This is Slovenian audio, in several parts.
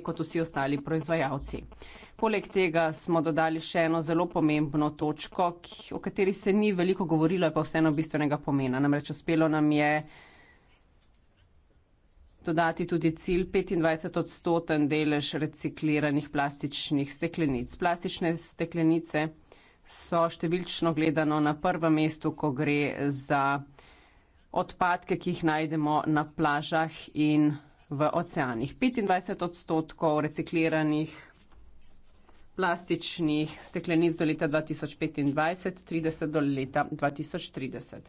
kot vsi ostali proizvajalci. Poleg tega smo dodali še eno zelo pomembno točko, ki, o kateri se ni veliko govorilo, pa vseeno bistvenega pomena. Namreč uspelo nam je dodati tudi cilj 25 odstoten delež recikliranih plastičnih steklenic. Plastične steklenice so številčno gledano na prvem mestu, ko gre za odpadke, ki jih najdemo na plažah in v oceanih. 25 odstotkov recikliranih plastičnih steklenic do leta 2025, 30 do leta 2030.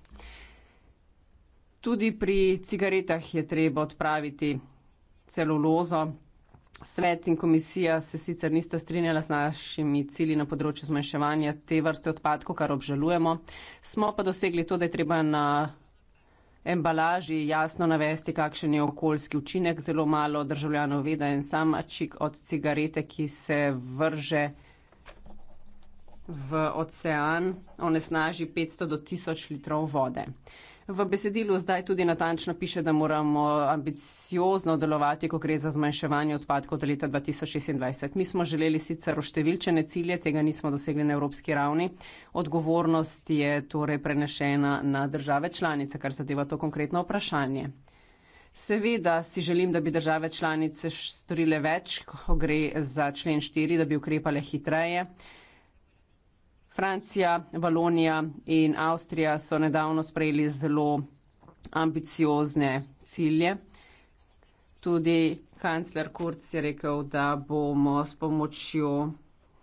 Tudi pri cigaretah je treba odpraviti celulozo. Svet in komisija se sicer nista strinjala z našimi cili na področju zmanjševanja te vrste odpadkov, kar obžalujemo. Smo pa dosegli to, da je treba na embalaži jasno navesti, kakšen je okoljski učinek. Zelo malo državljanov ve, da je en sam čik od cigarete, ki se vrže v ocean, onesnaži 500 do 1000 litrov vode. V besedilu zdaj tudi natančno piše, da moramo ambiciozno delovati, ko gre za zmanjševanje odpadkov do leta 2026. Mi smo želeli sicer oštevilčene cilje, tega nismo dosegli na evropski ravni. Odgovornost je torej prenešena na države članice, kar zadeva to konkretno vprašanje. Seveda si želim, da bi države članice storile več, ko gre za člen 4, da bi ukrepale hitreje. Francija, Valonija in Avstrija so nedavno sprejeli zelo ambiciozne cilje. Tudi kancler Kurz je rekel, da bomo s pomočjo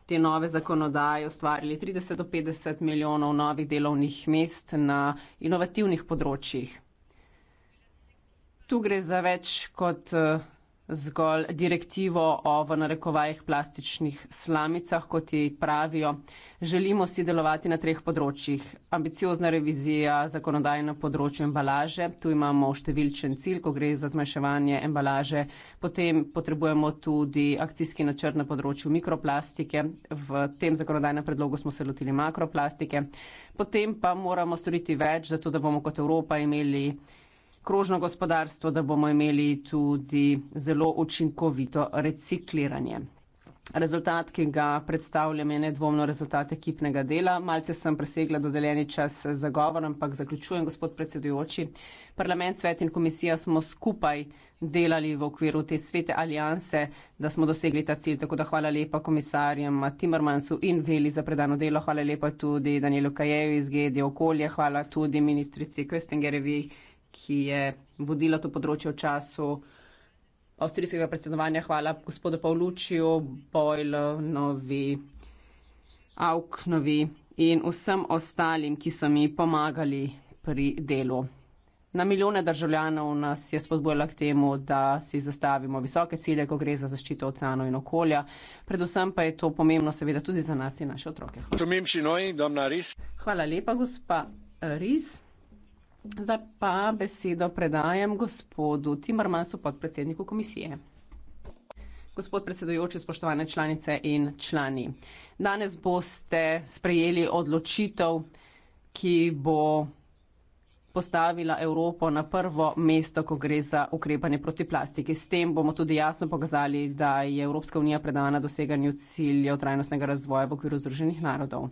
te nove zakonodaje ustvarili 30 do 50 milijonov novih delovnih mest na inovativnih področjih. Tu gre za več kot zgolj direktivo o v narekovajih plastičnih slamicah, kot ji pravijo. Želimo si delovati na treh področjih. Ambiciozna revizija zakonodaje na področju embalaže, tu imamo številčen cilj, ko gre za zmanjševanje embalaže. Potem potrebujemo tudi akcijski načrt na področju mikroplastike. V tem zakonodajnem predlogu smo se lotili makroplastike. Potem pa moramo storiti več, zato da bomo kot Evropa imeli krožno gospodarstvo, da bomo imeli tudi zelo učinkovito recikliranje. Rezultat, ki ga predstavljam, je nedvomno rezultat ekipnega dela. Malce sem presegla dodeljeni čas za govor, ampak zaključujem, gospod predsedujoči. Parlament, svet in komisija smo skupaj delali v okviru te svete alijanse, da smo dosegli ta cilj. Tako da hvala lepa komisarjem Timmermansu in Veli za predano delo. Hvala lepa tudi Danielu Kajeju iz GED okolje. Hvala tudi ministrici Köstingerevi ki je vodila to področje v času avstrijskega predsedovanja. Hvala gospodu Pavlučiju, Bojlovi, Auknovi in vsem ostalim, ki so mi pomagali pri delu. Na milijone državljanov nas je spodbujala k temu, da si zastavimo visoke cilje, ko gre za zaščito oceanov in okolja. Predvsem pa je to pomembno seveda tudi za nas in naše otroke. Hvala, Hvala lepa, gospa Riz. Zdaj pa besedo predajam gospodu Timrmansu, podpredsedniku komisije. Gospod predsedujoči, spoštovane članice in člani. Danes boste sprejeli odločitev, ki bo postavila Evropo na prvo mesto, ko gre za ukrepanje proti plastiki. S tem bomo tudi jasno pokazali, da je Evropska unija predana doseganju ciljev trajnostnega razvoja v okviru Združenih narodov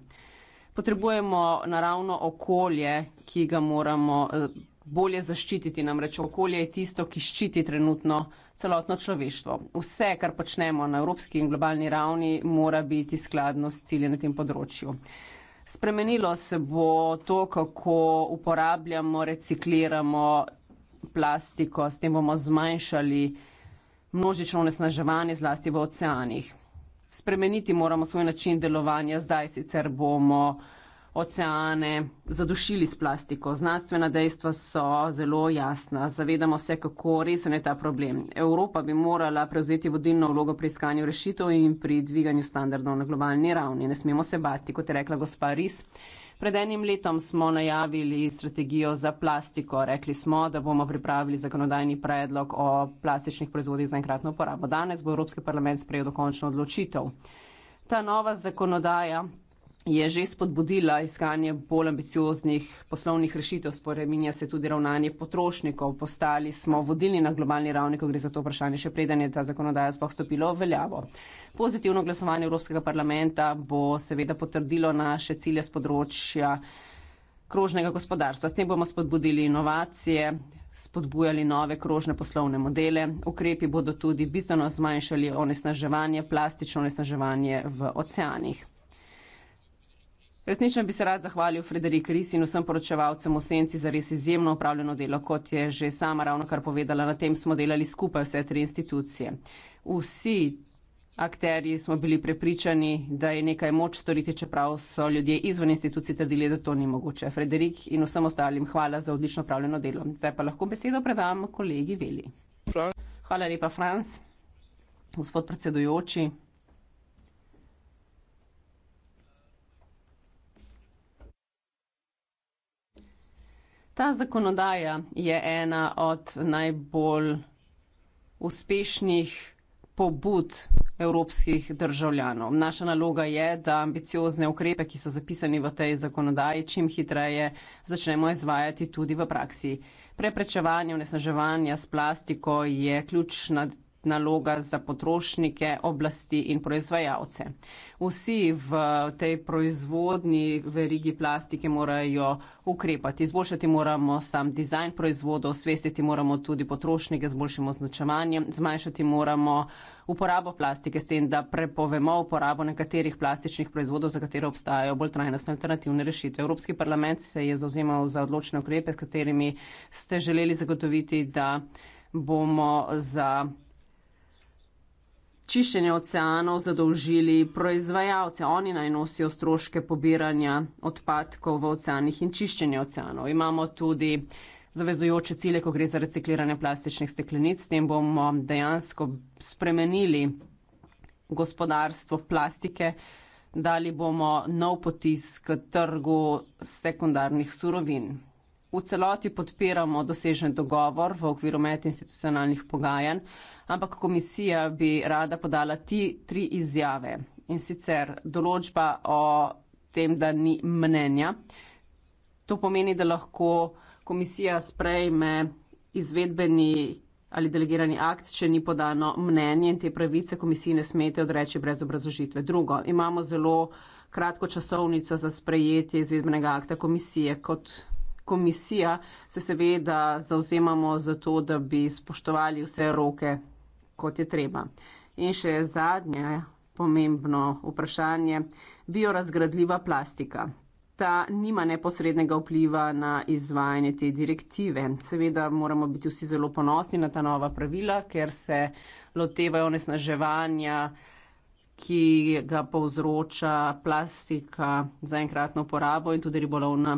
potrebujemo naravno okolje, ki ga moramo eh, bolje zaščititi. Namreč okolje je tisto, ki ščiti trenutno celotno človeštvo. Vse, kar počnemo na evropski in globalni ravni, mora biti skladno s cilji na tem področju. Spremenilo se bo to, kako uporabljamo, recikliramo plastiko, s tem bomo zmanjšali množično onesnaževanje, zlasti v oceanih spremeniti moramo svoj način delovanja, zdaj sicer bomo oceane zadušili s plastiko. Znanstvena dejstva so zelo jasna, zavedamo se, kako resen je ta problem. Evropa bi morala prevzeti vodilno vlogo pri iskanju rešitev in pri dviganju standardov na globalni ravni. Ne smemo se bati, kot je rekla gospa Ris. Pred enim letom smo najavili strategijo za plastiko. Rekli smo, da bomo pripravili zakonodajni predlog o plastičnih proizvodih za enkratno uporabo. Danes bo Evropski parlament sprejel dokončno odločitev. Ta nova zakonodaja je že spodbudila iskanje bolj ambicioznih poslovnih rešitev, spreminja se tudi ravnanje potrošnikov. Postali smo vodilni na globalni ravni, ko gre za to vprašanje, še preden je ta zakonodaja sploh stopila v veljavo. Pozitivno glasovanje Evropskega parlamenta bo seveda potrdilo naše cilje z področja krožnega gospodarstva. S tem bomo spodbudili inovacije, spodbujali nove krožne poslovne modele. Ukrepi bodo tudi bistveno zmanjšali onesnaževanje, plastično onesnaževanje v oceanih. Resnično bi se rad zahvalil Frederik Ris in vsem poročevalcem v Senci za res izjemno upravljeno delo, kot je že sama ravno kar povedala, na tem smo delali skupaj vse tri institucije. Vsi akterji smo bili prepričani, da je nekaj moč storiti, čeprav so ljudje izven institucij trdili, da to ni mogoče. Frederik in vsem ostalim hvala za odlično upravljeno delo. Zdaj pa lahko besedo predam kolegi Veli. Hvala lepa, Franc. Gospod predsedujoči, Ta zakonodaja je ena od najbolj uspešnih pobud evropskih državljanov. Naša naloga je, da ambiciozne ukrepe, ki so zapisani v tej zakonodaji, čim hitreje začnemo izvajati tudi v praksi. Preprečevanje onesnaževanja s plastiko je ključna naloga za potrošnike, oblasti in proizvajalce. Vsi v tej proizvodni verigi plastike morajo ukrepati. Zboljšati moramo sam dizajn proizvodov, svestiti moramo tudi potrošnike z boljšim označevanjem, zmanjšati moramo uporabo plastike s tem, da prepovemo uporabo nekaterih plastičnih proizvodov, za katere obstajajo bolj trajnostne alternativne rešitve. Evropski parlament se je zauzemal za odločne ukrepe, s katerimi ste želeli zagotoviti, da bomo za čiščenje oceanov zadolžili proizvajalce. Oni naj nosijo stroške pobiranja odpadkov v oceanih in čiščenje oceanov. Imamo tudi zavezujoče cilje, ko gre za recikliranje plastičnih steklenic. S tem bomo dejansko spremenili gospodarstvo plastike, dali bomo nov potisk trgu sekundarnih surovin. V celoti podpiramo dosežen dogovor v okviru medinstitucionalnih pogajanj ampak komisija bi rada podala ti tri izjave. In sicer določba o tem, da ni mnenja. To pomeni, da lahko komisija sprejme izvedbeni ali delegirani akt, če ni podano mnenje in te pravice komisije ne smete odreči brez obrazožitve. Drugo, imamo zelo kratko časovnico za sprejetje izvedbenega akta komisije. Kot komisija se seveda zauzemamo za to, da bi spoštovali vse roke kot je treba. In še zadnje pomembno vprašanje, biorazgradljiva plastika. Ta nima neposrednega vpliva na izvajanje te direktive. Seveda moramo biti vsi zelo ponosni na ta nova pravila, ker se lotevajo nesnaževanja, ki ga povzroča plastika za enkratno uporabo in tudi ribolovna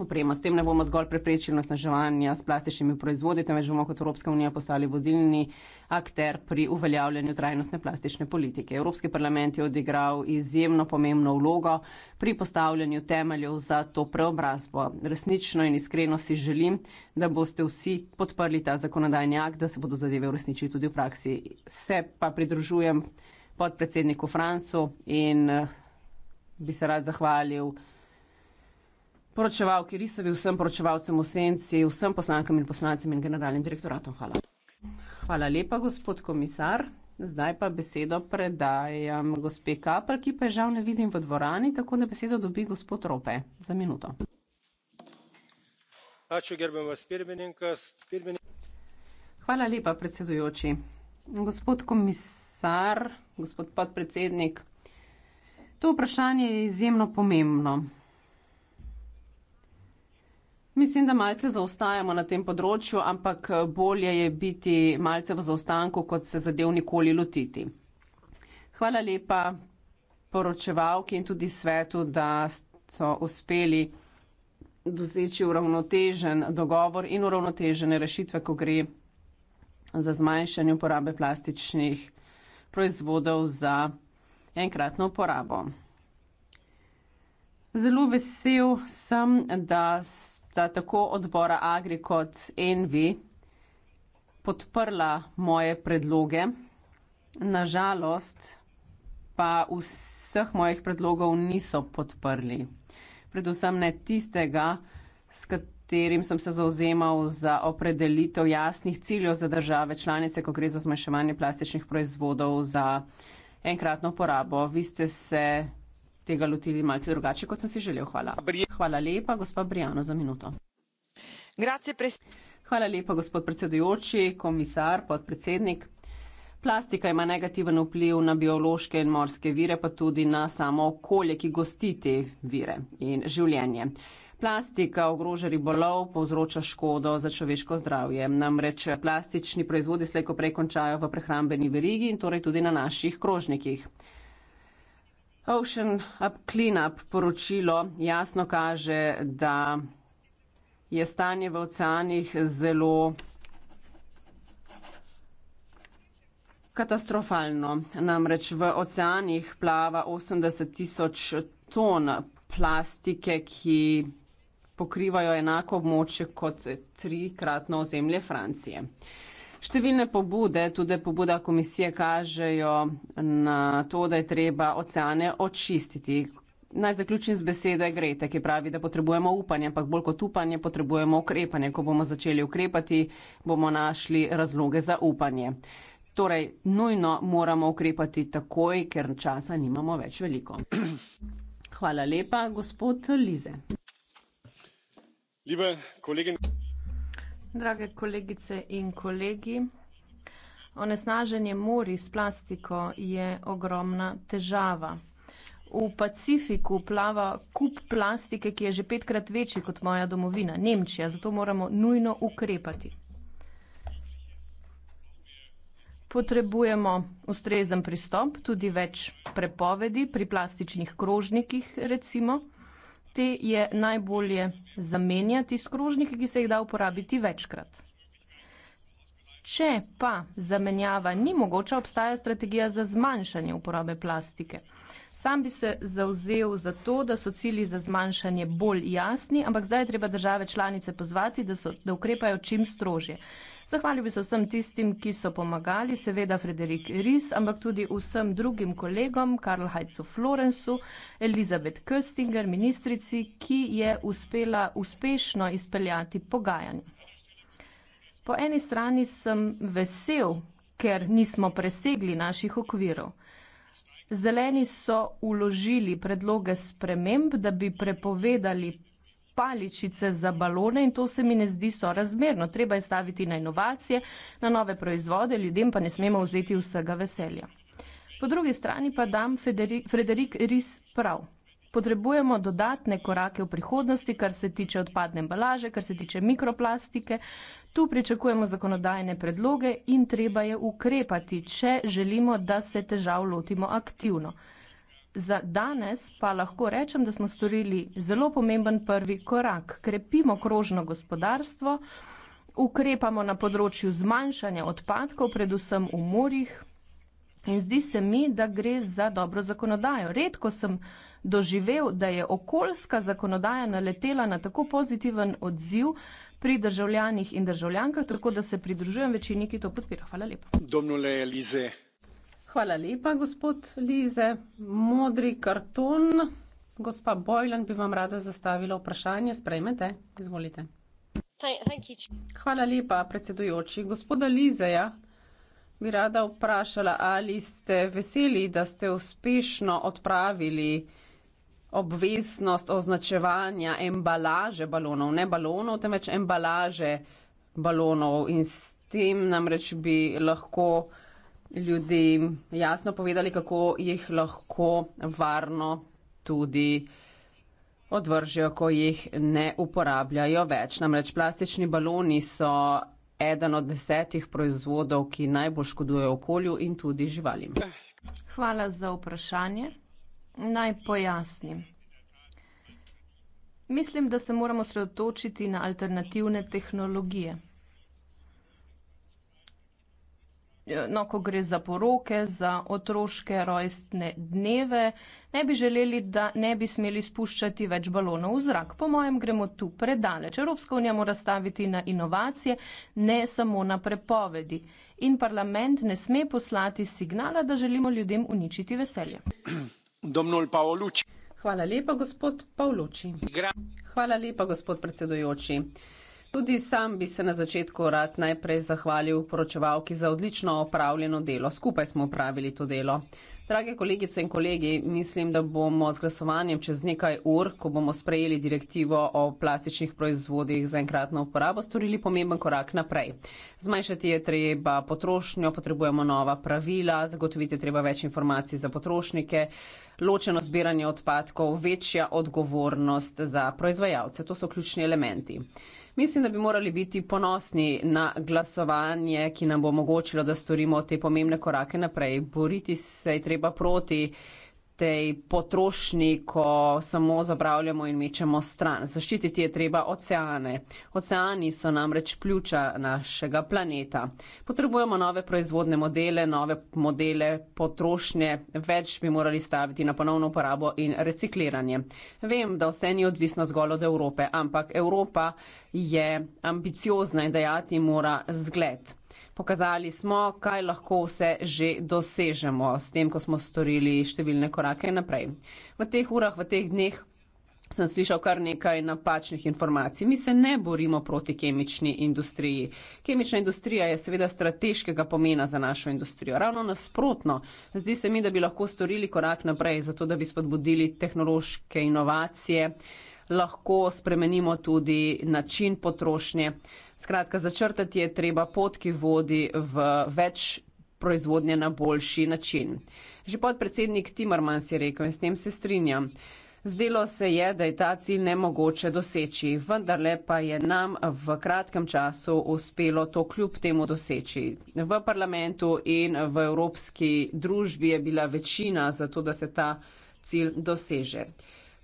opremo. S tem ne bomo zgolj preprečili nasnaževanja s plastičnimi proizvodi, temveč bomo kot Evropska unija postali vodilni akter pri uveljavljanju trajnostne plastične politike. Evropski parlament je odigral izjemno pomembno vlogo pri postavljanju temeljev za to preobrazbo. Resnično in iskreno si želim, da boste vsi podprli ta zakonodajni akt, da se bodo zadeve uresničili tudi v praksi. Se pa pridružujem podpredsedniku Francu in eh, bi se rad zahvalil poročevalki Risovi, vsem poročevalcem v senci, vsem poslankam in poslancem in generalnim direktoratom. Hvala. Hvala lepa, gospod komisar. Zdaj pa besedo predajam gospe Kapr, ki pa žal ne vidim v dvorani, tako da besedo dobi gospod Rope za minuto. Hvala lepa, predsedujoči. Gospod komisar, gospod podpredsednik, to vprašanje je izjemno pomembno. Mislim, da malce zaostajamo na tem področju, ampak eh, bolje je biti malce v zaostanku, kot se zadev nikoli lotiti. Hvala lepa poročevalki in tudi svetu, da so uspeli doseči uravnotežen dogovor in uravnotežene rešitve, ko gre za zmanjšanje uporabe plastičnih proizvodov za enkratno uporabo. Zelo vesel sem, da ste sta tako odbora Agri kot Envi podprla moje predloge. Nažalost pa vseh mojih predlogov niso podprli. Predvsem ne tistega, s katerim sem se zauzemal za opredelitev jasnih ciljev za države članice, ko gre za zmanjševanje plastičnih proizvodov za enkratno porabo. Vi ste se tega lotili malce drugače, kot sem si želel. Hvala. Hvala lepa, gospod Briano, za minuto. Hvala lepa, gospod predsedujoči, komisar, podpredsednik. Plastika ima negativen vpliv na biološke in morske vire, pa tudi na samo okolje, ki gosti te vire in življenje. Plastika ogroža ribolov, povzroča škodo za človeško zdravje. Namreč plastični proizvodi slejko prekončajo v prehrambeni verigi in torej tudi na naših krožnikih. Ocean Up Cleanup poročilo jasno kaže, da je stanje v oceanih zelo katastrofalno. Namreč v oceanih plava 80 tisoč ton plastike, ki pokrivajo enako območje kot trikratno ozemlje Francije. Številne pobude, tudi pobuda komisije, kažejo na to, da je treba oceane očistiti. Naj zaključim z besede Grete, ki pravi, da potrebujemo upanje, ampak bolj kot upanje potrebujemo ukrepanje. Ko bomo začeli ukrepati, bomo našli razloge za upanje. Torej, nujno moramo ukrepati takoj, ker časa nimamo več veliko. Hvala lepa, gospod Lize. Liebe Kolleginnen Drage kolegice in kolegi, onesnaženje mori s plastiko je ogromna težava. V Pacifiku plava kup plastike, ki je že petkrat večji kot moja domovina, Nemčija, zato moramo nujno ukrepati. Potrebujemo ustrezen pristop, tudi več prepovedi pri plastičnih krožnikih, recimo te je najbolje zamenjati s krožniki, ki se jih da uporabiti večkrat. Če pa zamenjava ni mogoča, obstaja strategija za zmanjšanje uporabe plastike. Sam bi se zauzel za to, da so cilji za zmanjšanje bolj jasni, ampak zdaj je treba države članice pozvati, da, so, da ukrepajo čim strožje. Zahvalil bi se vsem tistim, ki so pomagali, seveda Frederik Ries, ampak tudi vsem drugim kolegom, Karl Heitzu Florensu, Elizabeth Köstinger, ministrici, ki je uspela uspešno izpeljati pogajanje. Po eni strani sem vesel, ker nismo presegli naših okvirov. Zeleni so uložili predloge sprememb, da bi prepovedali paličice za balone in to se mi ne zdi sorazmerno. Treba je staviti na inovacije, na nove proizvode, ljudem pa ne smemo vzeti vsega veselja. Po drugi strani pa dam Frederik Ris prav potrebujemo dodatne korake v prihodnosti, kar se tiče odpadne embalaže, kar se tiče mikroplastike. Tu pričakujemo zakonodajne predloge in treba je ukrepati, če želimo, da se težav lotimo aktivno. Za danes pa lahko rečem, da smo storili zelo pomemben prvi korak. Krepimo krožno gospodarstvo, ukrepamo na področju zmanjšanja odpadkov, predvsem v morjih. In zdi se mi, da gre za dobro zakonodajo. Redko sem doživel, da je okoljska zakonodaja naletela na tako pozitiven odziv pri državljanih in državljankah, tako da se pridružujem večini, ki to podpira. Hvala lepa. Domnule Lize. Hvala lepa, gospod Lize. Modri karton. Gospa Bojlan bi vam rada zastavila vprašanje. Sprejmete, izvolite. Hvala lepa, predsedujoči. Gospoda Lizeja, bi rada vprašala, ali ste veseli, da ste uspešno odpravili obveznost označevanja embalaže balonov, ne balonov, temveč embalaže balonov in s tem namreč bi lahko ljudi jasno povedali, kako jih lahko varno tudi odvržijo, ko jih ne uporabljajo več. Namreč plastični baloni so eden od desetih proizvodov, ki najbolj škodujejo okolju in tudi živalim? Hvala za vprašanje. Naj pojasnim. Mislim, da se moramo sredotočiti na alternativne tehnologije. no, ko gre za poroke, za otroške rojstne dneve, ne bi želeli, da ne bi smeli spuščati več balonov v zrak. Po mojem, gremo tu predaleč. Evropska unija mora staviti na inovacije, ne samo na prepovedi. In parlament ne sme poslati signala, da želimo ljudem uničiti veselje. Hvala lepa, gospod Pavloči. Hvala lepa, gospod predsedujoči. Tudi sam bi se na začetku rad najprej zahvalil poročevalki za odlično opravljeno delo. Skupaj smo opravili to delo. Drage kolegice in kolegi, mislim, da bomo z glasovanjem čez nekaj ur, ko bomo sprejeli direktivo o plastičnih proizvodih za enkratno uporabo, storili pomemben korak naprej. Zmanjšati je treba potrošnjo, potrebujemo nova pravila, zagotoviti je treba več informacij za potrošnike, ločeno zbiranje odpadkov, večja odgovornost za proizvajalce. To so ključni elementi. Mislim, da bi morali biti ponosni na glasovanje, ki nam bo omogočilo, da storimo te pomembne korake naprej. Boriti se je treba proti tej potrošnji, ko samo zapravljamo in mečemo stran. Zaščititi je treba oceane. Oceani so namreč pljuča našega planeta. Potrebujemo nove proizvodne modele, nove modele potrošnje, več bi morali staviti na ponovno uporabo in recikliranje. Vem, da vse ni odvisno zgolj od Evrope, ampak Evropa je ambiciozna in dajati mora zgled. Pokazali smo, kaj lahko vse že dosežemo s tem, ko smo storili številne korake naprej. V teh urah, v teh dneh sem slišal kar nekaj napačnih informacij. Mi se ne borimo proti kemični industriji. Kemična industrija je seveda strateškega pomena za našo industrijo. Ravno nasprotno, zdi se mi, da bi lahko storili korak naprej, zato da bi spodbudili tehnološke inovacije, lahko spremenimo tudi način potrošnje. Skratka, začrtati je treba pot, ki vodi v več proizvodnje na boljši način. Že podpredsednik Timmermans je rekel in s tem se strinjam. Zdelo se je, da je ta cilj nemogoče doseči, vendarle pa je nam v kratkem času uspelo to kljub temu doseči. V parlamentu in v evropski družbi je bila večina za to, da se ta cilj doseže.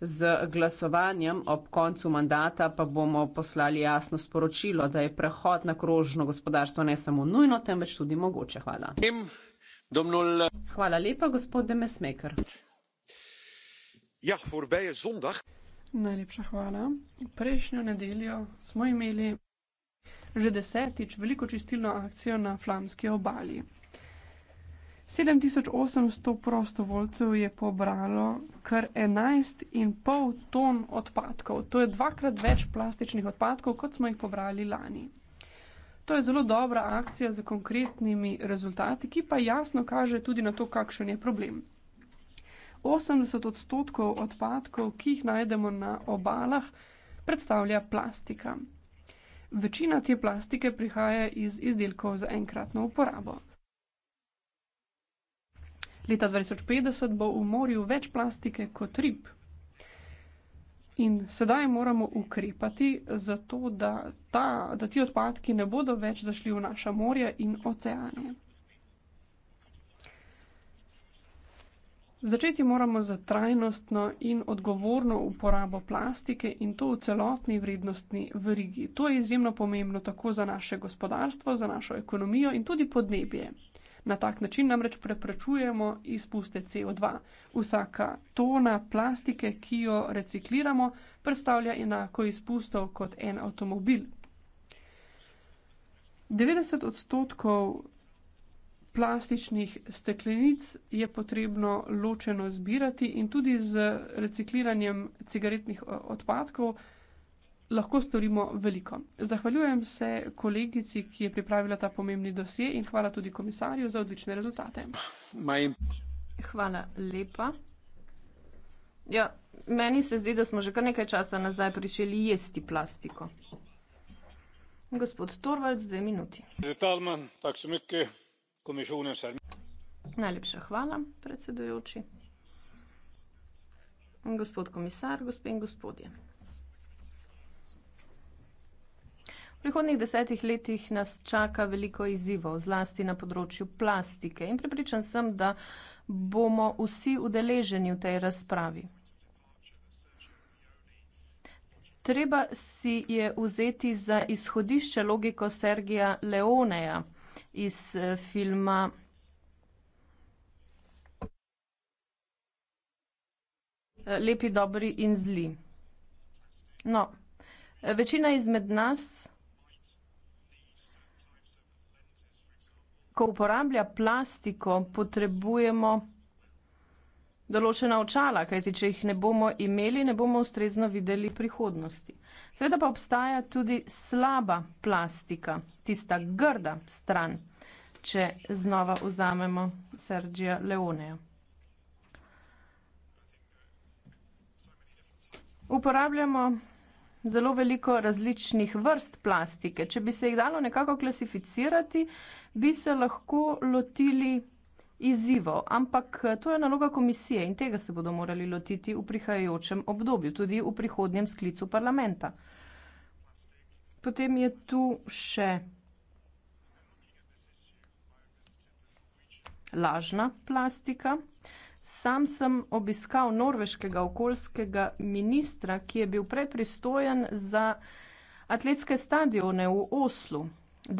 Z glasovanjem ob koncu mandata pa bomo poslali jasno sporočilo, da je prehod na krožno gospodarstvo ne samo nujno, temveč tudi mogoče. Hvala. Hvala lepa, gospod Demesmeker. Ja, forbeje zondag. Najlepša hvala. Prejšnjo nedeljo smo imeli že desetič veliko čistilno akcijo na flamski obali. 7800 prostovoljcev je pobralo kar 11,5 ton odpadkov. To je dvakrat več plastičnih odpadkov, kot smo jih pobrali lani. To je zelo dobra akcija z konkretnimi rezultati, ki pa jasno kaže tudi na to, kakšen je problem. 80 odstotkov odpadkov, ki jih najdemo na obalah, predstavlja plastika. Večina te plastike prihaja iz izdelkov za enkratno uporabo. Leta 2050 bo v morju več plastike kot rib. In sedaj moramo ukrepati, zato da, ta, da ti odpadki ne bodo več zašli v naša morja in oceane. Začeti moramo za trajnostno in odgovorno uporabo plastike in to v celotni vrednostni verigi. To je izjemno pomembno tako za naše gospodarstvo, za našo ekonomijo in tudi podnebje. Na tak način namreč preprečujemo izpuste CO2. Vsaka tona plastike, ki jo recikliramo, predstavlja enako izpustov kot en avtomobil. 90 odstotkov plastičnih steklenic je potrebno ločeno zbirati in tudi z recikliranjem cigaretnih eh, odpadkov lahko storimo veliko. Zahvaljujem se kolegici, ki je pripravila ta pomembni dosje in hvala tudi komisarju za odlične rezultate. Majim. Hvala lepa. Ja, meni se zdi, da smo že kar nekaj časa nazaj pričeli jesti plastiko. Gospod Torvald, dve minuti. Najlepša hvala, predsedujoči. Gospod komisar, gospe in gospodje. prihodnih desetih letih nas čaka veliko izzivov, zlasti na področju plastike in prepričan sem, da bomo vsi udeleženi v tej razpravi. Treba si je vzeti za izhodišče logiko Sergija Leoneja iz eh, filma Lepi, dobri in zli. No, večina izmed nas ko uporablja plastiko, potrebujemo določena očala, kajti če jih ne bomo imeli, ne bomo ustrezno videli prihodnosti. Seveda pa obstaja tudi slaba plastika, tista grda stran, če znova vzamemo Sergija Leoneja. Uporabljamo zelo veliko različnih vrst plastike. Če bi se jih dalo nekako klasificirati, bi se lahko lotili izzivov, ampak eh, to je naloga komisije in tega se bodo morali lotiti v prihajajočem obdobju, tudi v prihodnjem sklicu parlamenta. Potem je tu še lažna plastika. Sam sem obiskal norveškega okoljskega ministra, ki je bil prej pristojen za atletske stadione v Oslu.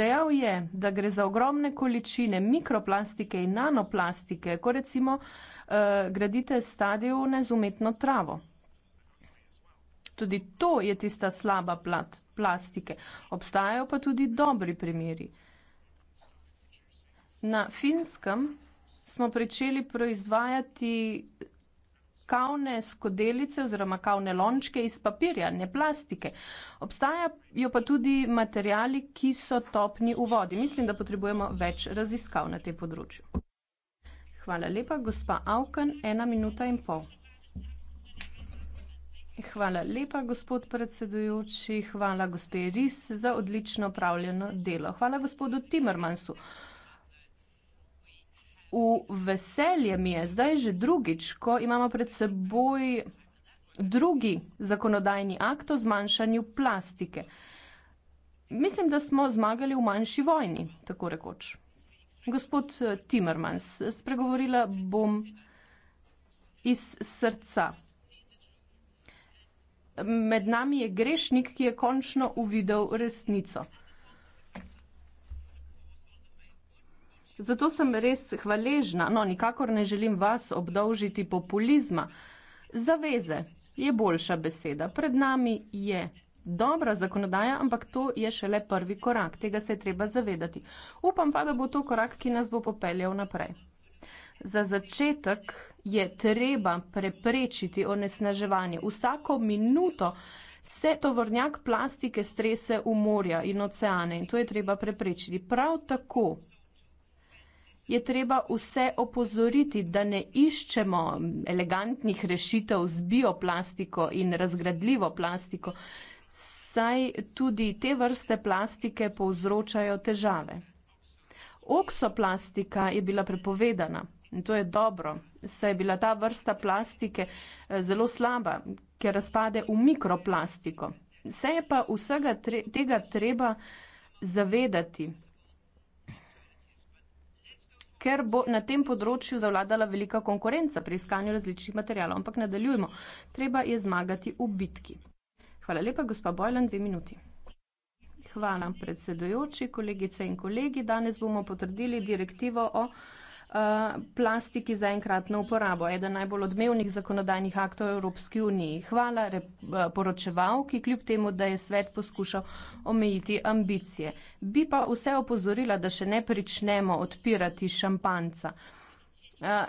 Dejal je, da gre za ogromne količine mikroplastike in nanoplastike, ko recimo eh, gradite stadione z umetno travo. Tudi to je tista slaba plat, plastike. Obstajajo pa tudi dobri primeri. Na finskem smo pričeli proizvajati kavne skodelice oziroma kavne lončke iz papirja, ne plastike. Obstajajo pa tudi materijali, ki so topni v vodi. Mislim, da potrebujemo več raziskav na tem področju. Hvala lepa, gospa Avken, ena minuta in pol. Hvala lepa, gospod predsedujoči, hvala gospe Ris za odlično upravljeno delo. Hvala gospodu Timrmansu v veselje mi je zdaj že drugič, ko imamo pred seboj drugi zakonodajni akt o zmanjšanju plastike. Mislim, da smo zmagali v manjši vojni, tako rekoč. Gospod Timmermans, spregovorila bom iz srca. Med nami je grešnik, ki je končno uvidel resnico. Zato sem res hvaležna, no nikakor ne želim vas obdolžiti populizma. Zaveze je boljša beseda. Pred nami je dobra zakonodaja, ampak to je šele prvi korak. Tega se je treba zavedati. Upam pa, da bo to korak, ki nas bo popeljal naprej. Za začetek je treba preprečiti onesnaževanje. Vsako minuto se tovornjak plastike strese v morja in oceane in to je treba preprečiti. Prav tako je treba vse opozoriti, da ne iščemo elegantnih rešitev z bioplastiko in razgradljivo plastiko, saj tudi te vrste plastike povzročajo težave. Oksoplastika je bila prepovedana in to je dobro, saj je bila ta vrsta plastike eh, zelo slaba, ker razpade v mikroplastiko. Se je pa vsega tre tega treba zavedati ker bo na tem področju zavladala velika konkurenca pri iskanju različnih materijalov. Ampak nadaljujmo, treba je zmagati v bitki. Hvala lepa, gospa Bojlen, dve minuti. Hvala predsedojoči, kolegice in kolegi. Danes bomo potrdili direktivo o Eh, plastiki za enkratno uporabo, eden najbolj odmevnih zakonodajnih aktov v Evropski uniji. Hvala eh, poročevalki, kljub temu, da je svet poskušal omejiti ambicije. Bi pa vse opozorila, da še ne pričnemo odpirati šampanca. Eh,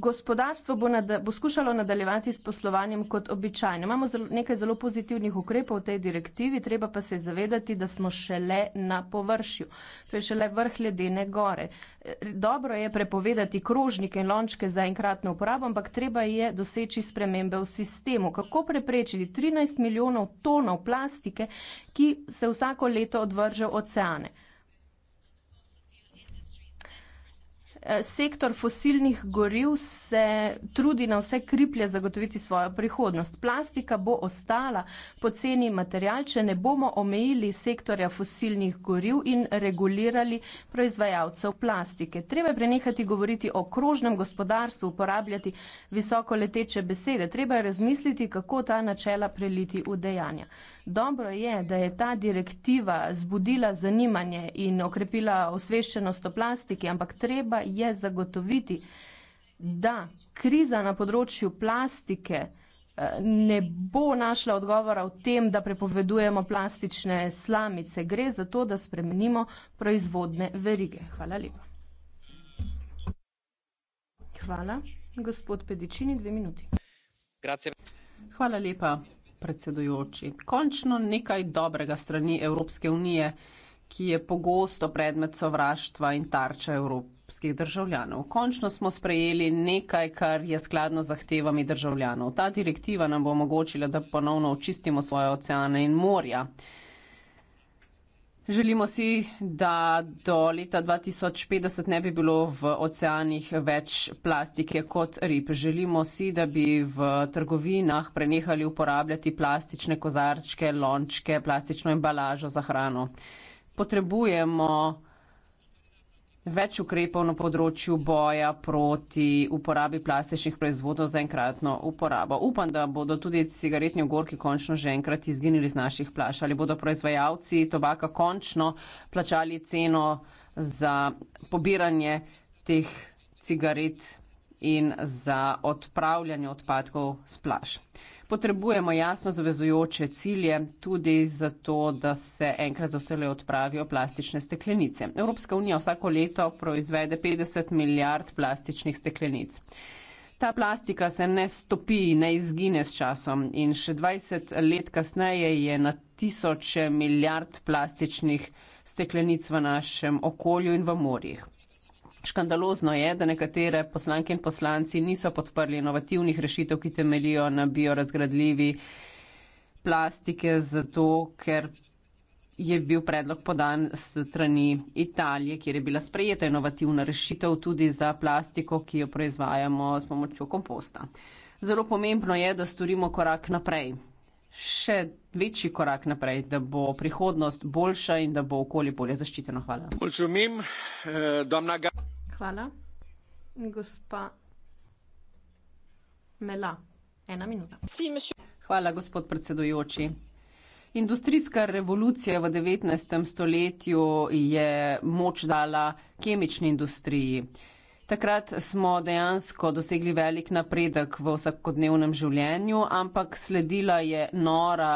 gospodarstvo bo, nad, bo skušalo nadaljevati s poslovanjem kot običajno. Imamo zelo, nekaj zelo pozitivnih ukrepov v tej direktivi, treba pa se zavedati, da smo šele na površju. To je šele vrh ledene gore. E, dobro je prepovedati krožnike in lončke za enkratno uporabo, ampak treba je doseči spremembe v sistemu. Kako preprečiti 13 milijonov tonov plastike, ki se vsako leto odvrže v oceane? Eh, sektor fosilnih goriv se trudi na vse kriplje zagotoviti svojo prihodnost. Plastika bo ostala poceni material, če ne bomo omejili sektorja fosilnih goriv in regulirali proizvajalcev plastike. Treba je prenehati govoriti o krožnem gospodarstvu, uporabljati visoko leteče besede. Treba je razmisliti, kako ta načela preliti v dejanja. Dobro je, da je ta direktiva zbudila zanimanje in okrepila osveščenost o plastiki, ampak treba je zagotoviti, da kriza na področju plastike eh, ne bo našla odgovora v tem, da prepovedujemo plastične slamice. Gre za to, da spremenimo proizvodne verige. Hvala lepa. Hvala. Gospod Pedičini, dve minuti. Grazie. Hvala lepa predsedujoči. Končno nekaj dobrega strani Evropske unije, ki je pogosto predmet sovraštva in tarča evropskih državljanov. Končno smo sprejeli nekaj, kar je skladno z zahtevami državljanov. Ta direktiva nam bo omogočila, da ponovno očistimo svoje oceane in morja. Želimo si, da do leta 2050 ne bi bilo v oceanih več plastike kot rib. Želimo si, da bi v trgovinah prenehali uporabljati plastične kozarčke, lončke, plastično embalažo za hrano. Potrebujemo Več ukrepov na področju boja proti uporabi plastičnih proizvodov za enkratno uporabo. Upam, da bodo tudi cigaretni ogorki končno že enkrat izginili z naših plaš ali bodo proizvajalci tobaka končno plačali ceno za pobiranje teh cigaret in za odpravljanje odpadkov s plaš. Potrebujemo jasno zavezujoče cilje, tudi zato, da se enkrat za vse le odpravijo plastične steklenice. Evropska unija vsako leto proizvede 50 milijard plastičnih steklenic. Ta plastika se ne stopi, ne izgine s časom in še 20 let kasneje je na tisoče milijard plastičnih steklenic v našem okolju in v morjih. Škandalozno je, da nekatere poslanke in poslanci niso podprli inovativnih rešitev, ki temelijo na biorazgradljivi plastike, zato ker je bil predlog podan strani Italije, kjer je bila sprejeta inovativna rešitev tudi za plastiko, ki jo proizvajamo s pomočjo komposta. Zelo pomembno je, da storimo korak naprej, še večji korak naprej, da bo prihodnost boljša in da bo okolje bolje zaščiteno. Hvala. Odsumim, eh, Hvala. Gospa Mela, ena minuta. Hvala, gospod predsedujoči. Industrijska revolucija v 19. stoletju je moč dala kemični industriji. Takrat smo dejansko dosegli velik napredek v vsakodnevnem življenju, ampak sledila je nora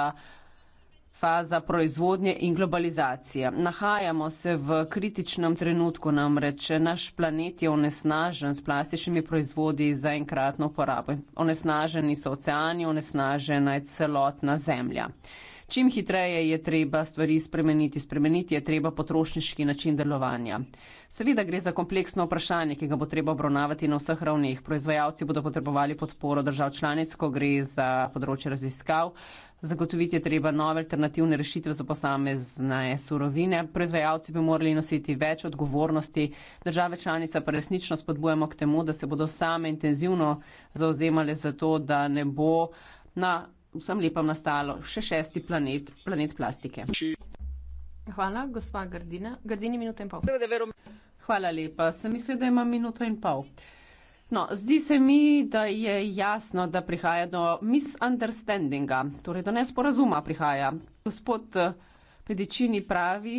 faza proizvodnje in globalizacije. Nahajamo se v kritičnem trenutku, namreč naš planet je onesnažen s plastičnimi proizvodi za enkratno uporabo. Onesnaženi so oceani, onesnažena je celotna zemlja. Čim hitreje je treba stvari spremeniti, spremeniti je treba potrošniški način delovanja. Seveda gre za kompleksno vprašanje, ki ga bo treba obravnavati na vseh ravneh. Proizvajalci bodo potrebovali podporo držav članic, ko gre za področje raziskav, Zagotoviti je treba nove alternativne rešitve za posamezne surovine, proizvajalci bi morali nositi več odgovornosti, države članice pa resnično spodbujamo k temu, da se bodo same intenzivno zauzemale za to, da ne bo na vsem lepem nastalo še šesti planet, planet plastike. Hvala, gospa Gardina. Gardini, minuto in pol. Hvala lepa. Sem mislila, da imam minuto in pol. No, zdi se mi, da je jasno, da prihaja do misunderstandinga, torej do nesporazuma prihaja. Gospod eh, Pedičini pravi,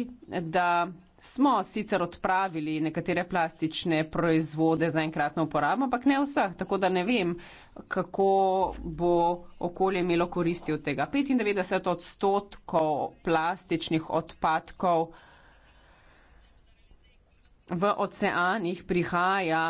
da smo sicer odpravili nekatere plastične proizvode za enkratno uporabo, ampak ne vseh, tako da ne vem, kako bo okolje imelo koristi od tega. 95 odstotkov plastičnih odpadkov v oceanih prihaja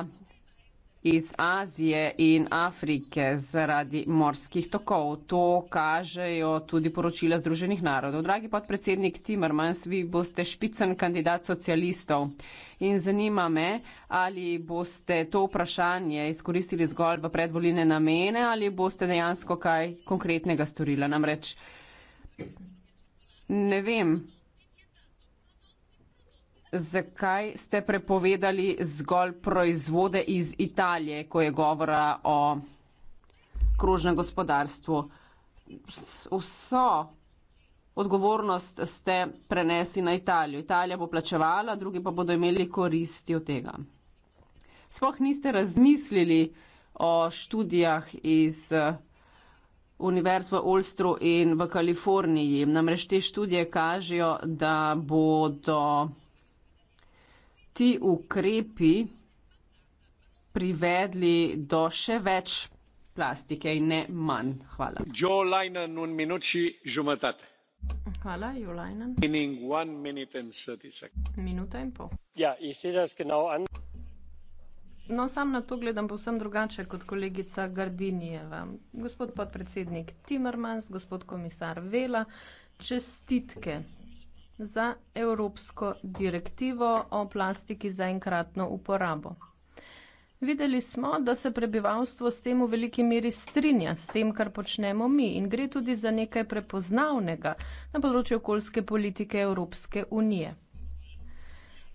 iz Azije in Afrike zaradi morskih tokov. To kažejo tudi poročila Združenih narodov. Dragi podpredsednik Timmermans, vi boste špicen kandidat socialistov in zanima me, ali boste to vprašanje izkoristili zgolj v predvoljene namene ali boste dejansko kaj konkretnega storila. Namreč ne vem, Zakaj ste prepovedali zgolj proizvode iz Italije, ko je govora o krožnem gospodarstvu? Vso odgovornost ste prenesli na Italijo. Italija bo plačevala, drugi pa bodo imeli koristi od tega. Sploh niste razmislili o študijah iz eh, univerz v Olstru in v Kaliforniji. Namreč te študije kažejo, da bodo ti ukrepi privedli do še več plastike in ne manj? Hvala. Ja, no, sam na to gledam povsem drugače kot kolegica Gardinijeva. Gospod podpredsednik Timmermans, gospod komisar Vela, čestitke za evropsko direktivo o plastiki za enkratno uporabo. Videli smo, da se prebivalstvo s tem v veliki meri strinja s tem, kar počnemo mi in gre tudi za nekaj prepoznavnega na področju okoljske politike Evropske unije.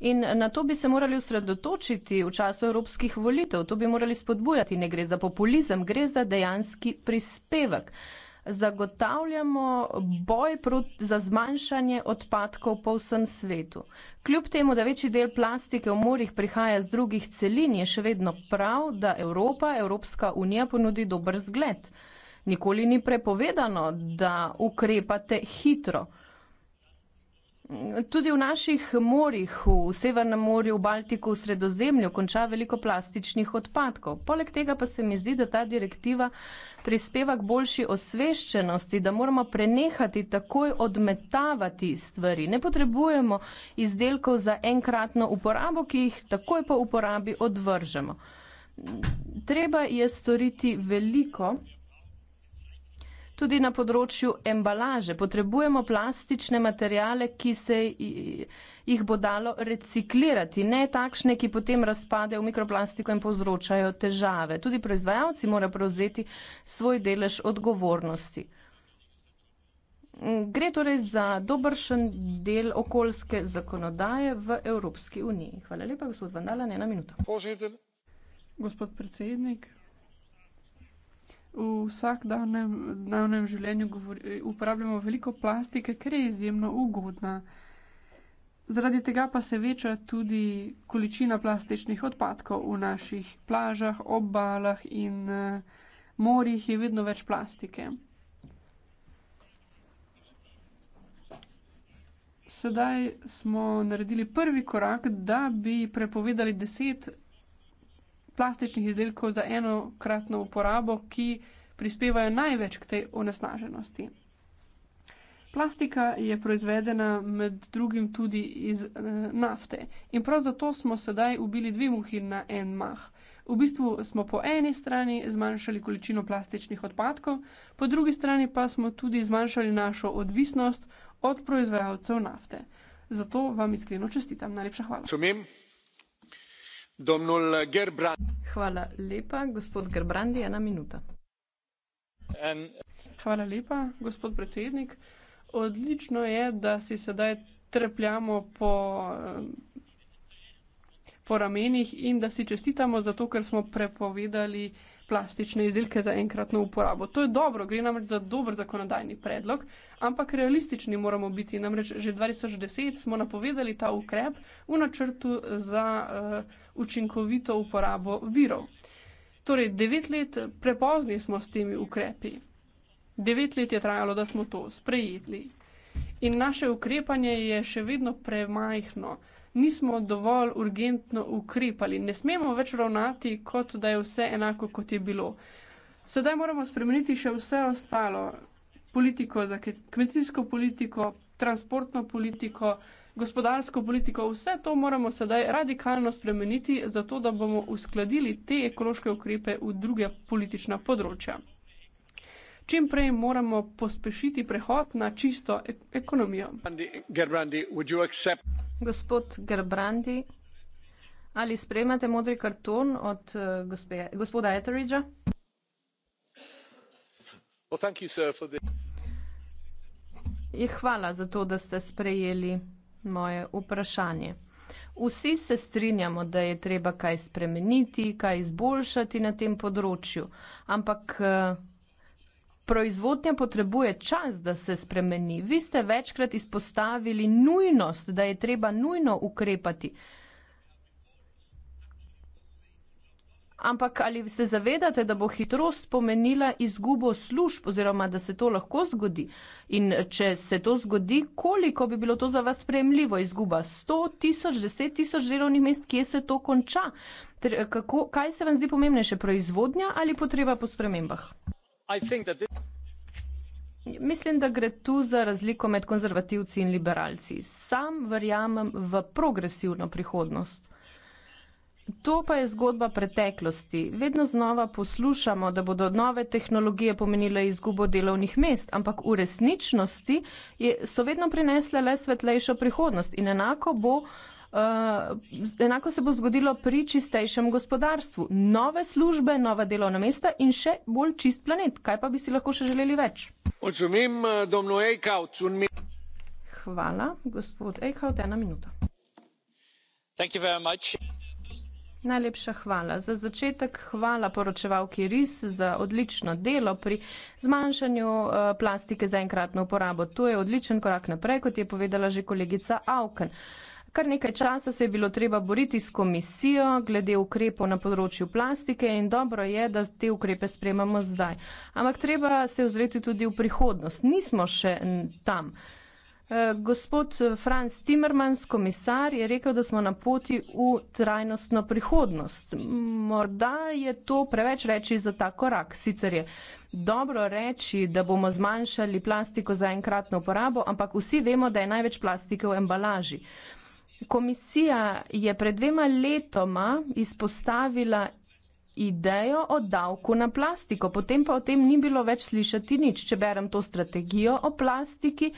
In na to bi se morali osredotočiti v času evropskih volitev, to bi morali spodbujati, ne gre za populizem, gre za dejanski prispevek zagotavljamo boj za zmanjšanje odpadkov po vsem svetu. Kljub temu, da večji del plastike v morjih prihaja z drugih celin, je še vedno prav, da Evropa, Evropska unija ponudi dober zgled. Nikoli ni prepovedano, da ukrepate hitro. Tudi v naših morjih, v Severnem morju, v Baltiku, v Sredozemlju konča veliko plastičnih odpadkov. Poleg tega pa se mi zdi, da ta direktiva prispeva k boljši osveščenosti, da moramo prenehati takoj odmetavati stvari. Ne potrebujemo izdelkov za enkratno uporabo, ki jih takoj po uporabi odvržemo. Treba je storiti veliko tudi na področju embalaže. Potrebujemo plastične materijale, ki se jih bo dalo reciklirati, ne takšne, ki potem razpadejo v mikroplastiko in povzročajo težave. Tudi proizvajalci morajo prevzeti svoj delež odgovornosti. Gre torej za dobršen del okoljske zakonodaje v Evropski uniji. Hvala lepa, gospod Vandala, ena minuta. Gospod predsednik, V vsakdanjem dnevnem življenju govori, uporabljamo veliko plastike, ker je izjemno ugodna. Zaradi tega pa se veča tudi količina plastičnih odpadkov v naših plažah, obalah in eh, morjih je vedno več plastike. Sedaj smo naredili prvi korak, da bi prepovedali deset plastičnih izdelkov za enokratno uporabo, ki prispevajo največ k tej onesnaženosti. Plastika je proizvedena med drugim tudi iz e, nafte in prav zato smo sedaj ubili dve muhi na en mah. V bistvu smo po eni strani zmanjšali količino plastičnih odpadkov, po drugi strani pa smo tudi zmanjšali našo odvisnost od proizvajalcev nafte. Zato vam iskreno čestitam. Najlepša hvala. Sumim. Hvala lepa. Gospod Gerbrandi, ena minuta. Hvala lepa, gospod predsednik. Odlično je, da si sedaj trepljamo po, eh, po ramenih in da si čestitamo za to, ker smo prepovedali, plastične izdelke za enkratno uporabo. To je dobro, gre namreč za dober zakonodajni predlog, ampak realistični moramo biti. Namreč že 2010 smo napovedali ta ukrep v načrtu za uh, učinkovito uporabo virov. Torej, devet let prepozni smo s temi ukrepi. Devet let je trajalo, da smo to sprejeli. In naše ukrepanje je še vedno premajhno nismo dovolj urgentno ukrepali. Ne smemo več ravnati, kot da je vse enako, kot je bilo. Sedaj moramo spremeniti še vse ostalo, politiko, kmetijsko politiko, transportno politiko, gospodarsko politiko. Vse to moramo sedaj radikalno spremeniti, zato da bomo uskladili te ekološke ukrepe v druge politična področja čim prej moramo pospešiti prehod na čisto e-, ekonomijo. Gospod Gerbrandi, ali sprejmate modri karton od eh, gospe, gospoda Etheridgea? Hvala za to, da ste sprejeli moje vprašanje. Vsi se strinjamo, da je treba kaj spremeniti, kaj izboljšati na tem področju, ampak eh, Proizvodnja potrebuje čas, da se spremeni. Vi ste večkrat izpostavili nujnost, da je treba nujno ukrepati. Ampak ali se zavedate, da bo hitrost pomenila izgubo služb oziroma, da se to lahko zgodi? In če se to zgodi, koliko bi bilo to za vas sprejemljivo? Izguba 100 tisoč, 10 tisoč delovnih mest, kje se to konča? Ter, kako, kaj se vam zdi pomembnejše, proizvodnja ali potreba po spremembah? Mislim, da gre tu za razliko med konzervativci in liberalci. Sam verjamem v progresivno prihodnost. To pa je zgodba preteklosti. Vedno znova poslušamo, da bodo nove tehnologije pomenile izgubo delovnih mest, ampak v resničnosti je, so vedno prinesle le svetlejšo prihodnost in enako bo uh, uh, enako se bo zgodilo pri čistejšem gospodarstvu. Nove službe, nova delovna mesta in še bolj čist planet. Kaj pa bi si lahko še želeli več? Hvala, gospod Eichhout, ena minuta. Najlepša hvala. Za začetek hvala poročevalki RIS za odlično delo pri zmanjšanju eh, plastike za enkratno uporabo. To je odličen korak naprej, kot je povedala že kolegica Auken. Uh, Kar nekaj časa se je bilo treba boriti s komisijo glede ukrepov na področju plastike in dobro je, da te ukrepe sprejemamo zdaj. Ampak treba se ozreti tudi v prihodnost. Nismo še tam. E, gospod Franz Timmermans, komisar, je rekel, da smo na poti v trajnostno prihodnost. Morda je to preveč reči za ta korak. Sicer je dobro reči, da bomo zmanjšali plastiko za enkratno uporabo, ampak vsi vemo, da je največ plastike v embalaži. Komisija je pred dvema letoma izpostavila idejo o davku na plastiko, potem pa o tem ni bilo več slišati nič. Če berem to strategijo o plastiki,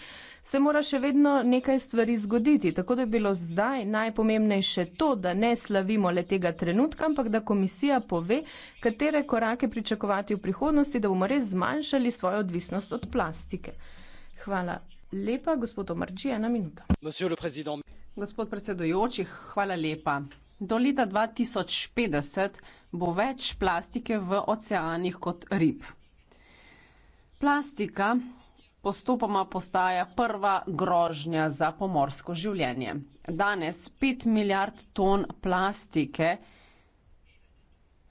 se mora še vedno nekaj stvari zgoditi. Tako da je bilo zdaj najpomembnejše to, da ne slavimo le tega trenutka, ampak da komisija pove, katere korake pričakovati v prihodnosti, da bomo res zmanjšali svojo odvisnost od plastike. Hvala lepa, gospod Omrči, ena minuta. Gospod predsedujoči, hvala lepa. Do leta 2050 bo več plastike v oceanih kot rib. Plastika postopoma postaja prva grožnja za pomorsko življenje. Danes 5 milijard ton plastike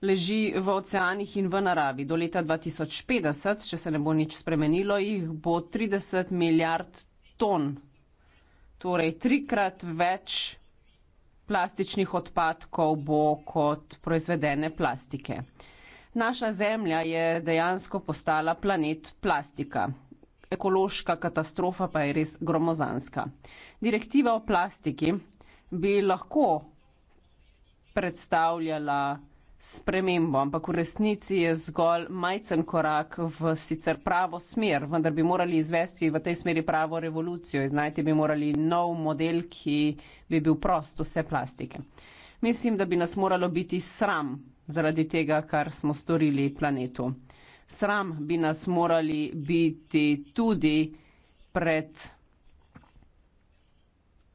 leži v oceanih in v naravi. Do leta 2050, če se ne bo nič spremenilo, jih bo 30 milijard ton. Torej, trikrat več plastičnih odpadkov bo kot proizvedene plastike. Naša zemlja je dejansko postala planet plastika. Ekološka katastrofa pa je res gromozanska. Direktiva o plastiki bi lahko predstavljala spremembo, ampak v resnici je zgolj majcen korak v sicer pravo smer, vendar bi morali izvesti v tej smeri pravo revolucijo, iznajti bi morali nov model, ki bi bil prost vse plastike. Mislim, da bi nas moralo biti sram zaradi tega, kar smo storili planetu. Sram bi nas morali biti tudi pred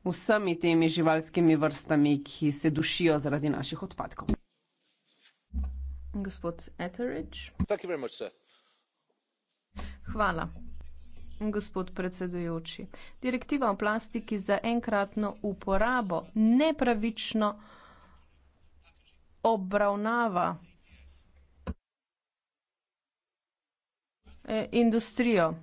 vsemi temi živalskimi vrstami, ki se dušijo zaradi naših odpadkov. Hvala, gospod predsedujoči. Direktiva o plastiki za enkratno uporabo nepravično obravnava eh, industrijo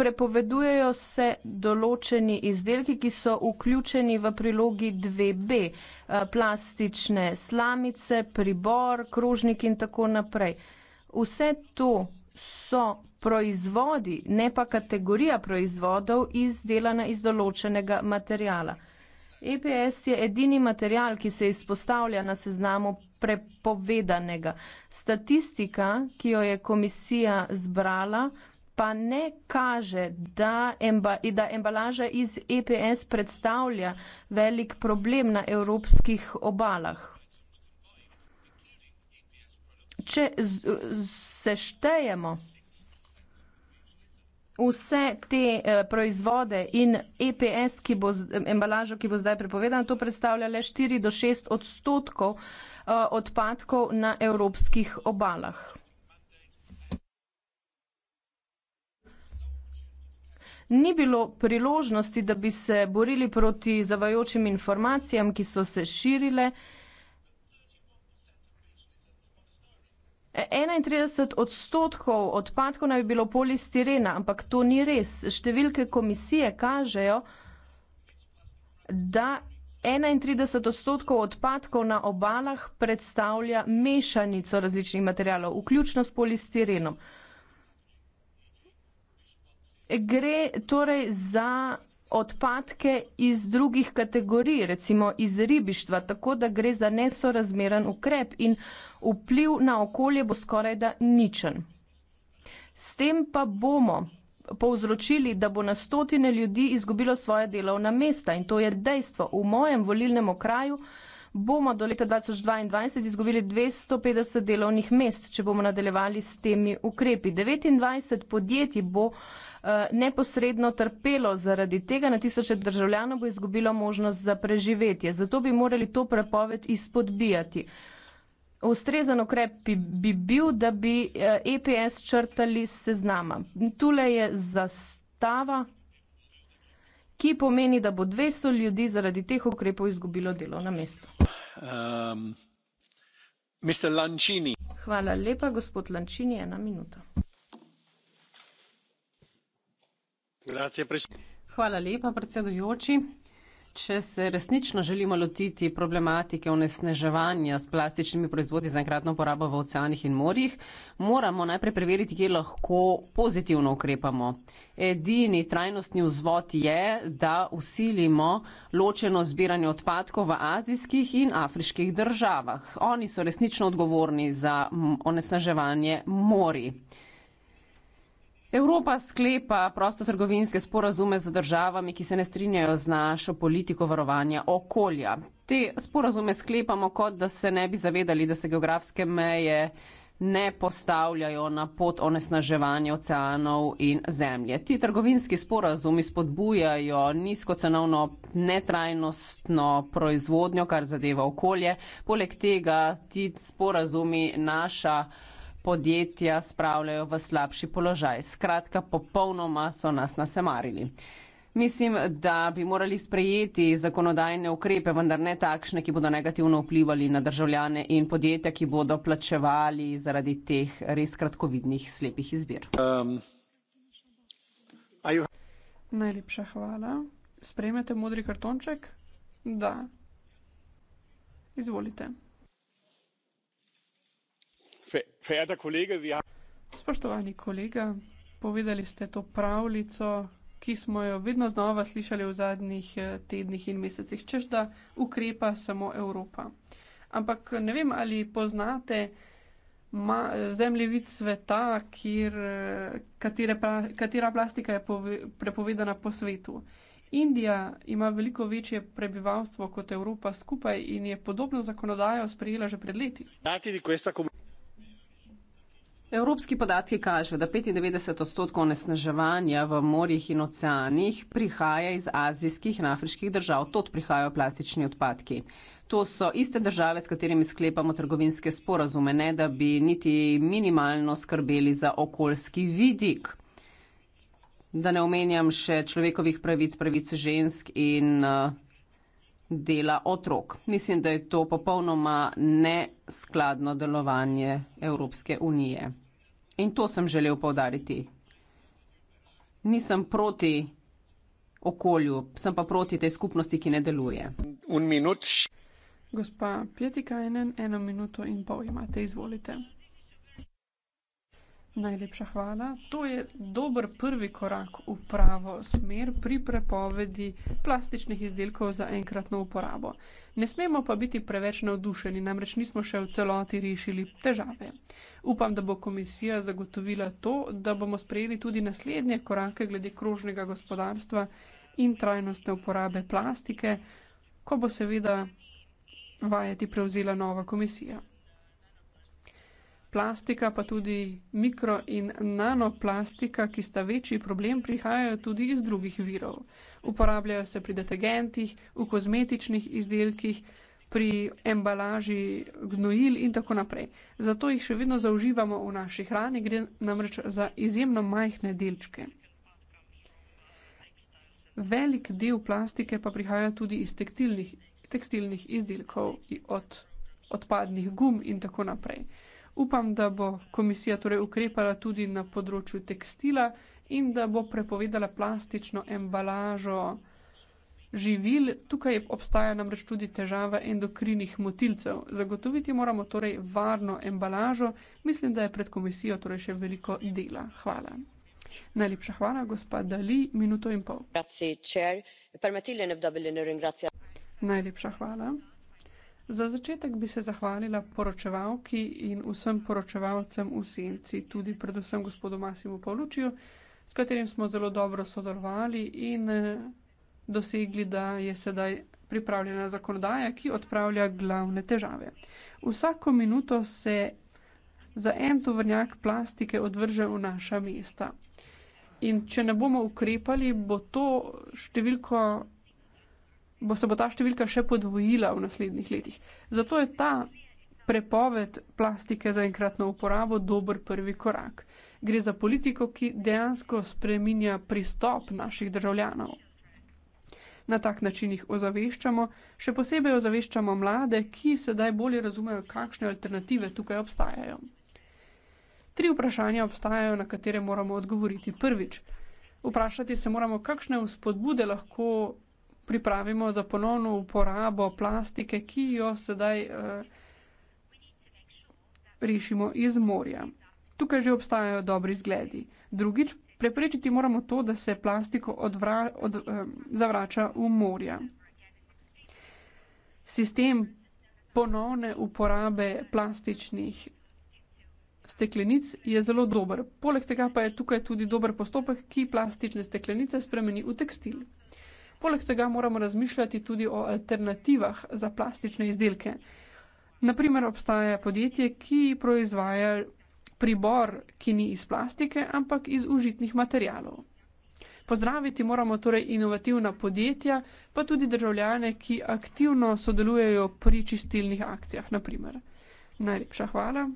prepovedujejo se določeni izdelki, ki so vključeni v prilogi 2b, eh, plastične slamice, pribor, krožnik in tako naprej. Vse to so proizvodi, ne pa kategorija proizvodov izdelana iz določenega materijala. EPS je edini material, ki se izpostavlja na seznamu prepovedanega. Statistika, ki jo je komisija zbrala, pa ne kaže, da, emba, da embalaža iz EPS predstavlja velik problem na evropskih obalah. Če seštejemo vse te e, proizvode in EPS, ki bo, embalažo, ki bo zdaj prepovedana, to predstavlja le 4 do 6 odstotkov e, odpadkov na evropskih obalah. ni bilo priložnosti, da bi se borili proti zavajočim informacijam, ki so se širile. 31 e, odstotkov odpadkov naj bi bilo polistirena, ampak to ni res. Številke komisije kažejo, da 31 odstotkov odpadkov na obalah predstavlja mešanico različnih materialov, vključno s polistirenom gre torej za odpadke iz drugih kategorij, recimo iz ribištva, tako da gre za nesorazmeren ukrep in vpliv na okolje bo skoraj da ničen. S tem pa bomo povzročili, da bo na stotine ljudi izgubilo svoje delovna mesta in to je dejstvo. V mojem volilnem okraju bomo do leta 2022 izgubili 250 delovnih mest, če bomo nadaljevali s temi ukrepi. 29 podjetij bo eh, neposredno trpelo zaradi tega, na tisoče državljanov bo izgubilo možnost za preživetje. Zato bi morali to prepoved izpodbijati. Ustrezen ukrep bi, bi bil, da bi EPS eh, e črtali seznama. Tule je zastava, ki pomeni, da bo 200 ljudi zaradi teh ukrepov izgubilo delovna mesta. Um, Hvala lepa, gospod Lančini, ena minuta. Hvala lepa, predsedujoči. Če se resnično želimo lotiti problematike onesneževanja s plastičnimi proizvodi za enkratno porabo v oceanih in morjih, moramo najprej preveriti, kje lahko pozitivno ukrepamo. Edini trajnostni vzvod je, da usilimo ločeno zbiranje odpadkov v azijskih in afriških državah. Oni so resnično odgovorni za onesneževanje morji. Evropa sklepa prostotrgovinske sporazume z državami, ki se ne strinjajo z našo politiko varovanja okolja. Te sporazume sklepamo, kot da se ne bi zavedali, da se geografske meje ne postavljajo na pot onesnaževanja oceanov in zemlje. Ti trgovinski sporazumi spodbujajo nizkocenovno netrajnostno proizvodnjo, kar zadeva okolje. Poleg tega ti sporazumi naša podjetja spravljajo v slabši položaj. Skratka, popolnoma so nas nasemarili. Mislim, da bi morali sprejeti zakonodajne ukrepe, vendar ne takšne, ki bodo negativno vplivali na državljane in podjetja, ki bodo plačevali zaradi teh res kratkovidnih slepih izbir. Um, Najlepša hvala. Sprejmete modri kartonček? Da. Izvolite. Spoštovani kolega, povedali ste to pravljico, ki smo jo vedno znova slišali v zadnjih eh, tednih in mesecih, češ da ukrepa samo Evropa. Ampak ne vem, ali poznate zemljevid sveta, kjer, eh, katere katera plastika je prepovedana po svetu. Indija ima veliko večje prebivalstvo kot Evropa skupaj in je podobno zakonodajo sprejela že pred leti. Evropski podatki kažejo, da 95 odstotkov onesnaževanja v morjih in oceanih prihaja iz azijskih in afriških držav. Tod prihajajo plastični odpadki. To so iste države, s katerimi sklepamo trgovinske sporazume, ne da bi niti minimalno skrbeli za okoljski vidik. Da ne omenjam še človekovih pravic, pravic žensk in uh, dela otrok. Mislim, da je to popolnoma neskladno delovanje Evropske unije. In to sem želel povdariti. Nisem proti okolju, sem pa proti tej skupnosti, ki ne deluje. Gospa Pietika, eno minuto in pol imate, izvolite. Najlepša hvala. To je dober prvi korak v pravo smer pri prepovedi plastičnih izdelkov za enkratno uporabo. Ne smemo pa biti preveč navdušeni, namreč nismo še v celoti rešili težave. Upam, da bo komisija zagotovila to, da bomo sprejeli tudi naslednje korake glede krožnega gospodarstva in trajnostne uporabe plastike, ko bo seveda vajeti prevzela nova komisija plastika, pa tudi mikro- in nanoplastika, ki sta večji problem, prihajajo tudi iz drugih virov. Uporabljajo se pri detergentih, v kozmetičnih izdelkih, pri embalaži gnojil in tako naprej. Zato jih še vedno zaužívamo v naši hrani, gre namreč za izjemno majhne delčke. Velik del plastike pa prihaja tudi iz tekstilnih, tekstilnih izdelkov, od odpadnih gum in tako naprej. Upam, da bo komisija torej ukrepala tudi na področju tekstila in da bo prepovedala plastično embalažo živil. Tukaj obstaja namreč tudi težava endokrinih motilcev. Zagotoviti moramo torej varno embalažo. Mislim, da je pred komisijo torej še veliko dela. Hvala. Najlepša hvala, gospa Dali, minuto in pol. Najlepša hvala. Za začetek bi se zahvalila poročevalki in vsem poročevalcem v senci, tudi predvsem gospodu Masimu Polučiju, s katerim smo zelo dobro sodelovali in eh, dosegli, da je sedaj pripravljena zakonodaja, ki odpravlja glavne težave. Vsako minuto se za en tovrnjak plastike odvrže v naša mesta. In če ne bomo ukrepali, bo to številko bo se bo ta številka še podvojila v naslednjih letih. Zato je ta prepoved plastike za enkratno uporabo dober prvi korak. Gre za politiko, ki dejansko spreminja pristop naših državljanov. Na tak način jih ozaveščamo, še posebej ozaveščamo mlade, ki sedaj bolje razumejo, kakšne alternative tukaj obstajajo. Tri vprašanja obstajajo, na katere moramo odgovoriti. Prvič, vprašati se moramo, kakšne vzpodbude lahko pripravimo za ponovno uporabo plastike, ki jo sedaj uh, rešimo iz morja. Tukaj že obstajajo dobri zgledi. Drugič, preprečiti moramo to, da se plastiko odvra, od, uh, zavrača v morja. Sistem ponovne uporabe plastičnih steklenic je zelo dober. Poleg tega pa je tukaj tudi dober postopek, ki plastične steklenice spremeni v tekstil. Poleg tega moramo razmišljati tudi o alternativah za plastične izdelke. Naprimer, obstaja podjetje, ki proizvaja pribor, ki ni iz plastike, ampak iz užitnih materijalov. Pozdraviti moramo torej inovativna podjetja, pa tudi državljane, ki aktivno sodelujejo pri čistilnih akcijah. Naprimer. Najlepša hvala.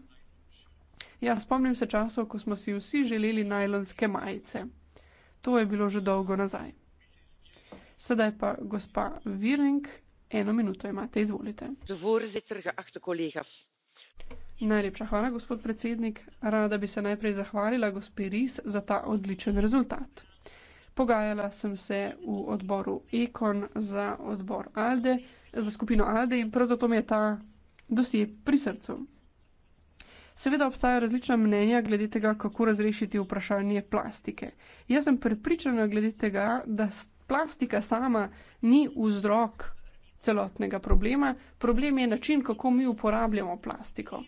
Ja, spomnim se časov, ko smo si vsi želeli najlonske majice. To je bilo že dolgo nazaj. Sedaj pa gospa Virning, eno minuto imate, izvolite. Najlepša hvala, gospod predsednik. Rada bi se najprej zahvalila gospe Ris za ta odličen rezultat. Pogajala sem se v odboru Ekon za odbor Alde, za skupino Alde in prav zato mi je ta dosje pri srcu. Seveda obstajajo različna mnenja glede tega, kako razrešiti vprašanje plastike. Jaz sem prepričana glede tega, da plastika sama ni vzrok celotnega problema, problem je način, kako mi uporabljamo plastiko.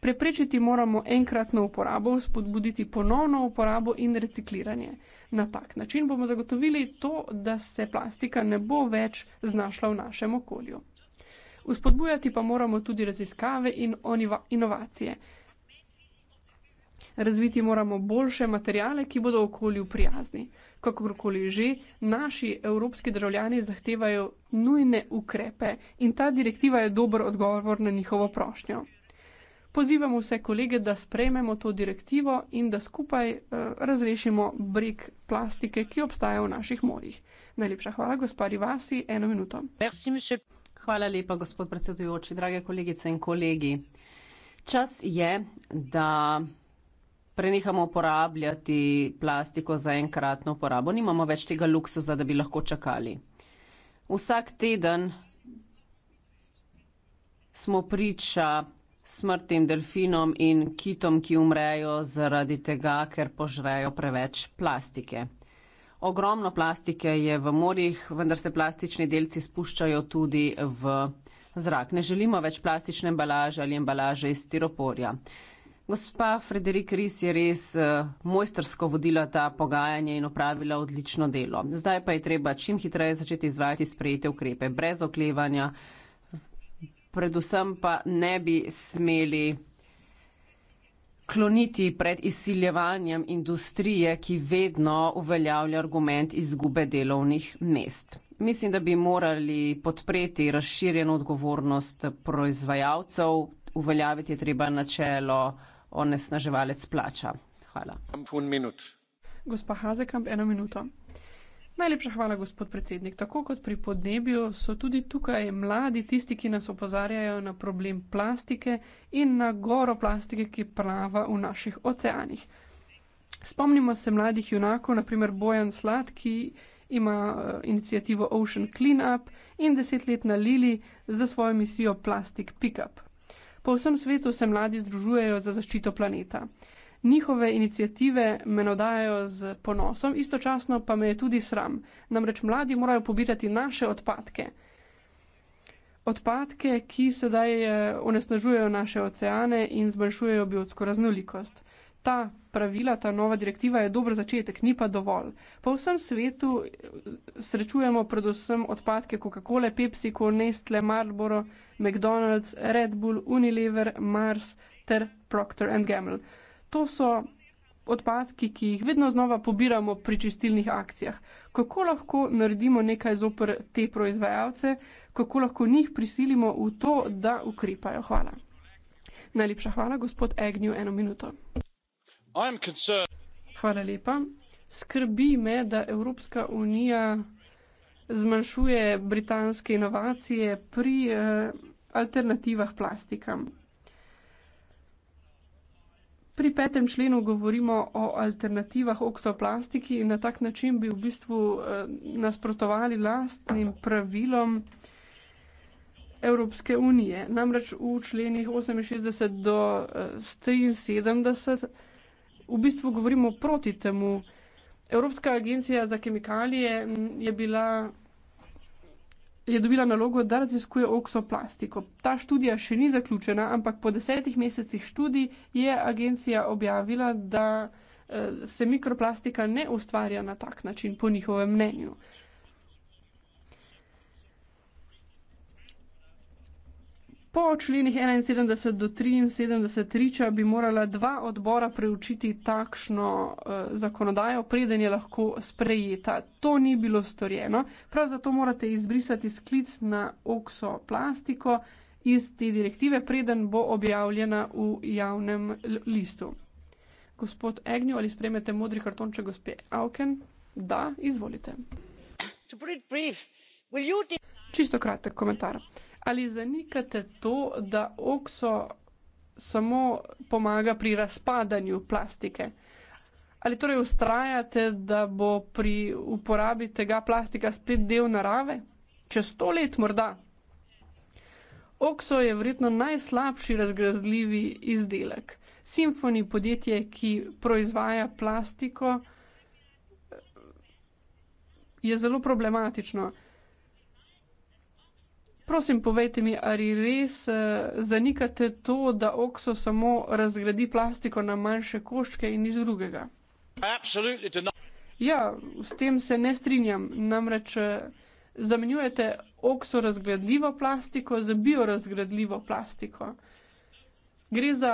Preprečiti moramo enkratno uporabo, spodbuditi ponovno uporabo in recikliranje. Na tak način bomo zagotovili to, da se plastika ne bo več znašla v našem okolju. Vzpodbujati pa moramo tudi raziskave in inovacije. Razviti moramo boljše materijale, ki bodo okolju prijazni. Kakorkoli že, naši evropski državljani zahtevajo nujne ukrepe in ta direktiva je dober odgovor na njihovo prošnjo. Pozivamo vse kolege, da sprejmemo to direktivo in da skupaj uh, razrešimo breg plastike, ki obstaja v naših morjih. Najlepša hvala, gospod Rivasi, eno minuto. Hvala lepa, gospod predsedujoči, drage kolegice in kolegi. Čas je, da prenehamo uporabljati plastiko za enkratno uporabo, nimamo več tega luksusa, da bi lahko čakali. Vsak teden smo priča smrtnim delfinom in kitom, ki umrejo zaradi tega, ker požrejo preveč plastike. Ogromno plastike je v morjih, vendar se plastični delci spuščajo tudi v zrak. Ne želimo več plastične embalaže ali embalaže iz stiroporja. Gospa Frederik Ris je res eh, mojstersko vodila ta pogajanje in opravila odlično delo. Zdaj pa je treba čim hitreje začeti izvajati sprejete ukrepe, brez oklevanja. Predvsem pa ne bi smeli kloniti pred izsiljevanjem industrije, ki vedno uveljavlja argument izgube delovnih mest. Mislim, da bi morali podpreti razširjeno odgovornost proizvajalcev, uveljaviti je treba načelo onesnaževalec plača. Hvala. Gospa Hazekamp, eno minuto. Najlepša hvala, gospod predsednik. Tako kot pri podnebju, so tudi tukaj mladi tisti, ki nas opozarjajo na problem plastike in na goro plastike, ki prava v naših oceanih. Spomnimo se mladih junakov, naprimer Bojan Slad, ki ima eh, inicijativo Ocean Cleanup in desetletna Lili za svojo misijo Plastic Pickup. Po vsem svetu se mladi združujejo za zaščito planeta. Njihove inicijative me navdajajo z ponosom, istočasno pa me je tudi sram. Namreč mladi morajo pobirati naše odpadke. Odpadke, ki sedaj eh, onesnažujejo naše oceane in zmanjšujejo biotsko raznolikost. Ta pravila, ta nova direktiva je dober začetek, ni pa dovolj. Po vsem svetu eh, srečujemo predvsem odpadke Coca-Cola, Pepsico, Nestle, Marlboro, McDonald's, Red Bull, Unilever, Mars ter Procter Gamble. To so odpadki, ki jih vedno znova pobiramo pri čistilnih akcijah. Kako lahko naredimo nekaj zopr te proizvajalce, kako lahko njih prisilimo v to, da ukrepajo. Hvala. Najlepša hvala, gospod Agnew, eno minuto. Hvala lepa. Skrbi me, da Evropska unija zmanjšuje britanske inovacije pri eh, alternativah plastikam. Pri petem členu govorimo o alternativah oksoplastiki in na tak način bi v bistvu eh, nasprotovali lastnim pravilom Evropske unije. Namreč v členih 68 do eh, 73 v bistvu govorimo proti temu. Evropska agencija za kemikalije je bila. Je dobila nalogo, da raziskuje oksoplastiko. Ta študija še ni zaključena, ampak po desetih mesecih študij je agencija objavila, da eh, se mikroplastika ne ustvarja na tak način, po njihovem mnenju. Uh, Po členih 71 do 73 riča bi morala dva odbora preučiti takšno uh, zakonodajo, preden je lahko sprejeta. To ni bilo storjeno, prav zato morate izbrisati sklic na oksoplastiko iz te direktive, preden bo objavljena v javnem listu. Gospod Egnjo, ali spremete modri kartonče gospe Auken? Da, izvolite. Čisto kratek komentar. Ali zanikate to, da okso samo pomaga pri razpadanju plastike? Ali torej ustrajate, da bo pri uporabi tega plastika spet del narave? Čez sto let morda. Okso je verjetno najslabši razgrazljivi izdelek. Symfoni podjetje, ki proizvaja plastiko, je zelo problematično. Prosim, povejte mi, ali res uh, zanikate to, da okso samo razgradi plastiko na manjše koščke in nič drugega? Ja, s tem se ne strinjam. Namreč eh, zamenjujete okso razgradljivo plastiko z biorazgradljivo plastiko. Gre za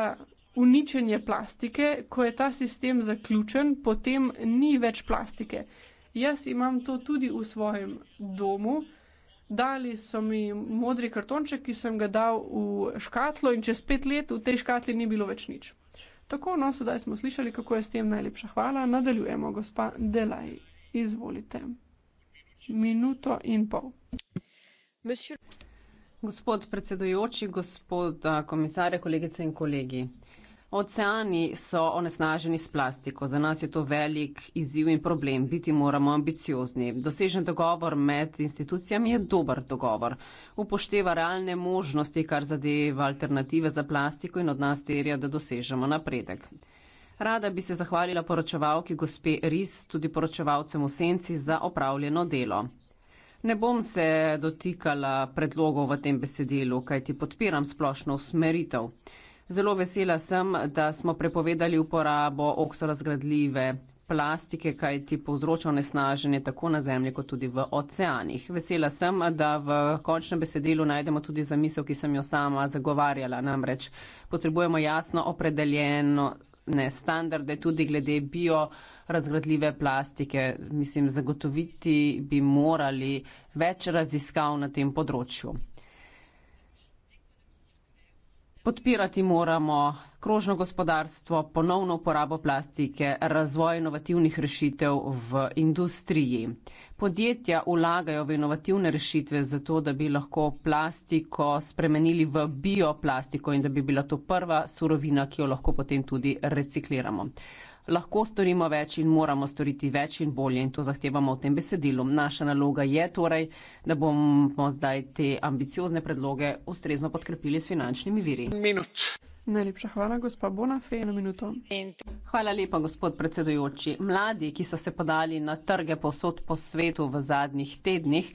uničenje plastike, ko je ta sistem zaključen, potem ni več plastike. Jaz imam to tudi v svojem domu. Dali so mi modri kartonček, ki sem ga dal v škatlo, in čez pet let v tej škatli ni bilo več nič. Tako, no, sedaj smo slišali, kako je s tem najlepša hvala. Nadaljujemo, gospa Delaj, izvolite. Minuto in pol. Monsieur. Gospod predsedujoči, gospod komisar, kolegice in kolegi. Oceani so onesnaženi s plastiko. Za nas je to velik izziv in problem. Biti moramo ambiciozni. Dosežen dogovor med institucijami je dober dogovor. Upošteva realne možnosti, kar zadeva alternative za plastiko in od nas terja, da dosežemo napredek. Rada bi se zahvalila poročevalki gospe Ris, tudi poročevalcem v senci, za opravljeno delo. Ne bom se dotikala predlogov v tem besedilu, kajti podpiram splošno usmeritev. Zelo vesela sem, da smo prepovedali uporabo oksorazgradljive plastike, kaj ti povzroča onesnaženje tako na zemlji, kot tudi v oceanih. Vesela sem, da v končnem besedilu najdemo tudi zamisel, ki sem jo sama zagovarjala. Namreč potrebujemo jasno opredeljeno ne standarde tudi glede bio razgradljive plastike. Mislim, zagotoviti bi morali več raziskav na tem področju. Podpirati moramo krožno gospodarstvo, ponovno uporabo plastike, razvoj inovativnih rešitev v industriji. Podjetja vlagajo v inovativne rešitve zato, da bi lahko plastiko spremenili v bioplastiko in da bi bila to prva surovina, ki jo lahko potem tudi recikliramo lahko storimo več in moramo storiti več in bolje in to zahtevamo v tem besedilu. Naša naloga je torej, da bomo zdaj te ambiciozne predloge ustrezno podkrepili s finančnimi viri. Minut. Najlepša hvala, gospa Bonafe, eno minuto. Hvala lepa, gospod predsedujoči. Mladi, ki so se podali na trge posod po svetu v zadnjih tednih,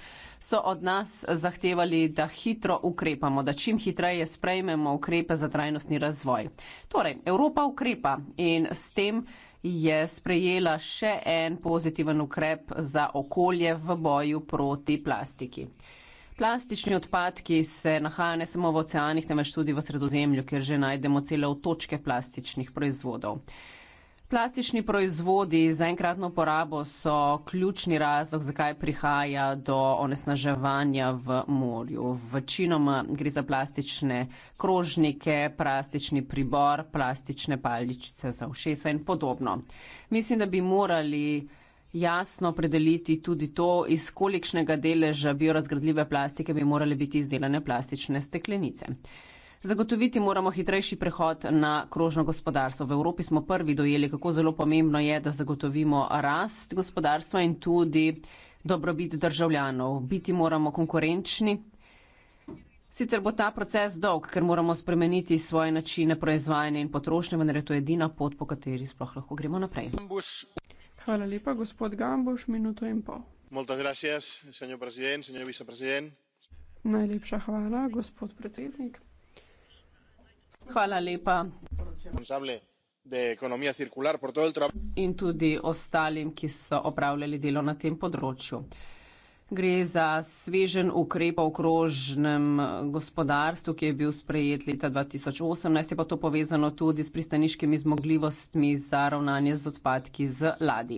so od nas zahtevali, da hitro ukrepamo, da čim hitreje sprejmemo ukrepe za trajnostni razvoj. Torej, Evropa ukrepa in s tem je sprejela še en pozitiven ukrep za okolje v boju proti plastiki. Plastični odpadki se nahajajo ne samo v oceanih, temveč tudi v sredozemlju, kjer že najdemo cele otočke plastičnih proizvodov. Plastični proizvodi za enkratno porabo so ključni razlog, zakaj prihaja do onesnaževanja v morju. Večinoma gre za plastične krožnike, plastični pribor, plastične paličice za všesa in podobno. Mislim, da bi morali jasno opredeliti tudi to, iz kolikšnega deleža biorazgradljive plastike bi morale biti izdelane plastične steklenice. Zagotoviti moramo hitrejši prehod na krožno gospodarstvo. V Evropi smo prvi dojeli, kako zelo pomembno je, da zagotovimo rast gospodarstva in tudi dobrobit državljanov. Biti moramo konkurenčni. Sicer bo ta proces dolg, ker moramo spremeniti svoje načine proizvajanja in potrošnje, vendar je to edina pot, po kateri sploh lahko gremo naprej. Hvala lepa. Gospod Gamboš, minuto in pol. Najlepša hvala, gospod predsednik. Hvala lepa. In tudi ostalim, ki so opravljali delo na tem področju. Gre za svežen ukrep v krožnem gospodarstvu, ki je bil sprejet leta 2018, je pa to povezano tudi s pristaniškimi zmogljivostmi za ravnanje z odpadki z ladi.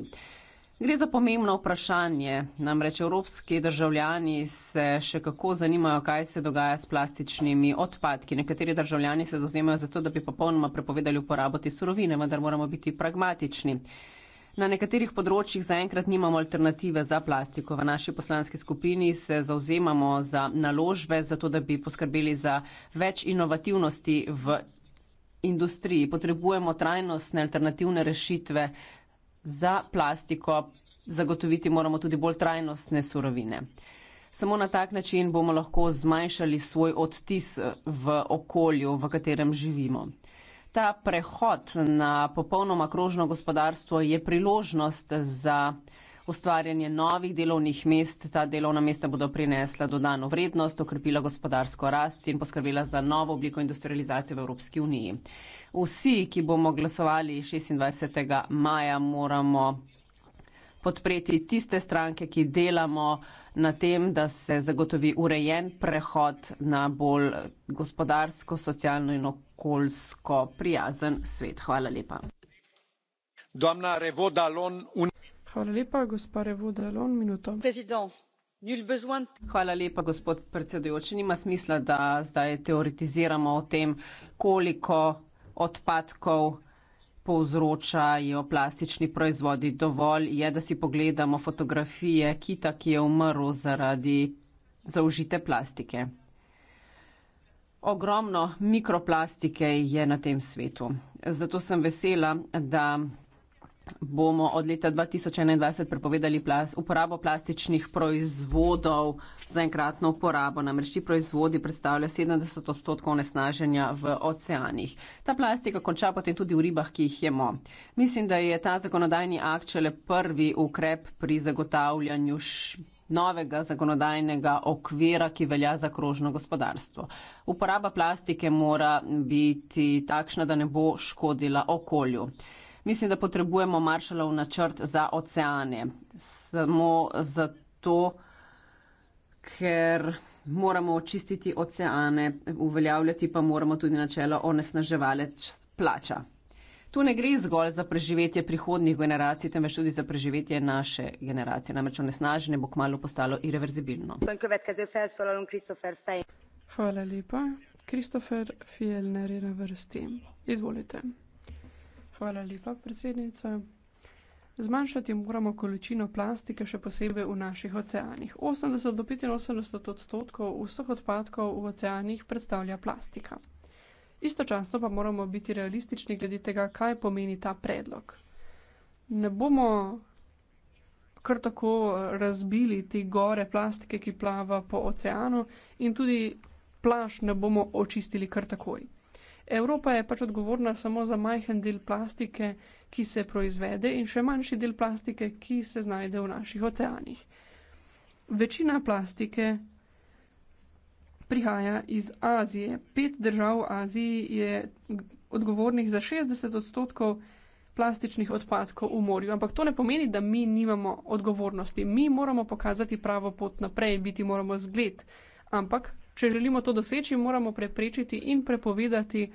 Gre za pomembno vprašanje, namreč evropski državljani se še kako zanimajo, kaj se dogaja s plastičnimi odpadki. Nekateri državljani se zauzemajo za to, da bi popolnoma prepovedali uporabo te surovine, vendar moramo biti pragmatični. Na nekaterih področjih zaenkrat nimamo alternative za plastiko. V naši poslanski skupini se zauzemamo za naložbe, zato da bi poskrbeli za več inovativnosti v industriji. Potrebujemo trajnostne alternativne rešitve za plastiko, zagotoviti moramo tudi bolj trajnostne surovine. Samo na tak način bomo lahko zmanjšali svoj odtis v okolju, v katerem živimo. Ta prehod na popolnoma krožno gospodarstvo je priložnost za ustvarjanje novih delovnih mest. Ta delovna mesta bodo prinesla dodano vrednost, okrepila gospodarsko rast in poskrbela za novo obliko industrializacije v Evropski uniji. Vsi, ki bomo glasovali 26. maja, moramo podpreti tiste stranke, ki delamo, na tem, da se zagotovi urejen prehod na bolj gospodarsko, socialno in okoljsko prijazen svet. Hvala lepa. Hvala lepa, gospa Revodalon, minuto. Hvala lepa, gospod predsedujoči. Nima smisla, da zdaj teoretiziramo o tem, koliko odpadkov povzročajo plastični proizvodi. Dovolj je, da si pogledamo fotografije kita, ki je umrl zaradi zaužite plastike. Ogromno mikroplastike je na tem svetu. Zato sem vesela, da bomo od leta 2021 prepovedali plas, uporabo plastičnih proizvodov za enkratno uporabo. Namreč ti proizvodi predstavljajo 70 odstotkov onesnaženja v oceanih. Ta plastika konča potem tudi v ribah, ki jih jemo. Mislim, da je ta zakonodajni akt šele prvi ukrep pri zagotavljanju novega zakonodajnega okvira, ki velja za krožno gospodarstvo. Uporaba plastike mora biti takšna, da ne bo škodila okolju. Mislim, da potrebujemo maršalov načrt za oceane. Samo zato, ker moramo očistiti oceane, uveljavljati pa moramo tudi načelo onesnaževalec plača. Tu ne gre zgolj za preživetje prihodnih generacij, temveč tudi za preživetje naše generacije. Namreč onesnaženje bo kmalo postalo irreverzibilno. Hvala lepa. Kristofer Fjellner je na vrsti. Izvolite. Hvala lepa, predsednica. Zmanjšati moramo količino plastike, še posebej v naših oceanih. 80 do 85 odstotkov vseh odpadkov v oceanih predstavlja plastika. Istočasno pa moramo biti realistični glede tega, kaj pomeni ta predlog. Ne bomo kar tako razbili te gore plastike, ki plava po oceanu, in tudi plaž ne bomo očistili kar takoj. Evropa je pač odgovorna samo za majhen del plastike, ki se proizvede, in še manjši del plastike, ki se znajde v naših oceanih. Večina plastike prihaja iz Azije. Pet držav v Aziji je odgovornih za 60 odstotkov plastičnih odpadkov v morju. Ampak to ne pomeni, da mi nimamo odgovornosti. Mi moramo pokazati pravo pot naprej, biti moramo zgled. Ampak Če želimo to doseči, moramo preprečiti in prepovedati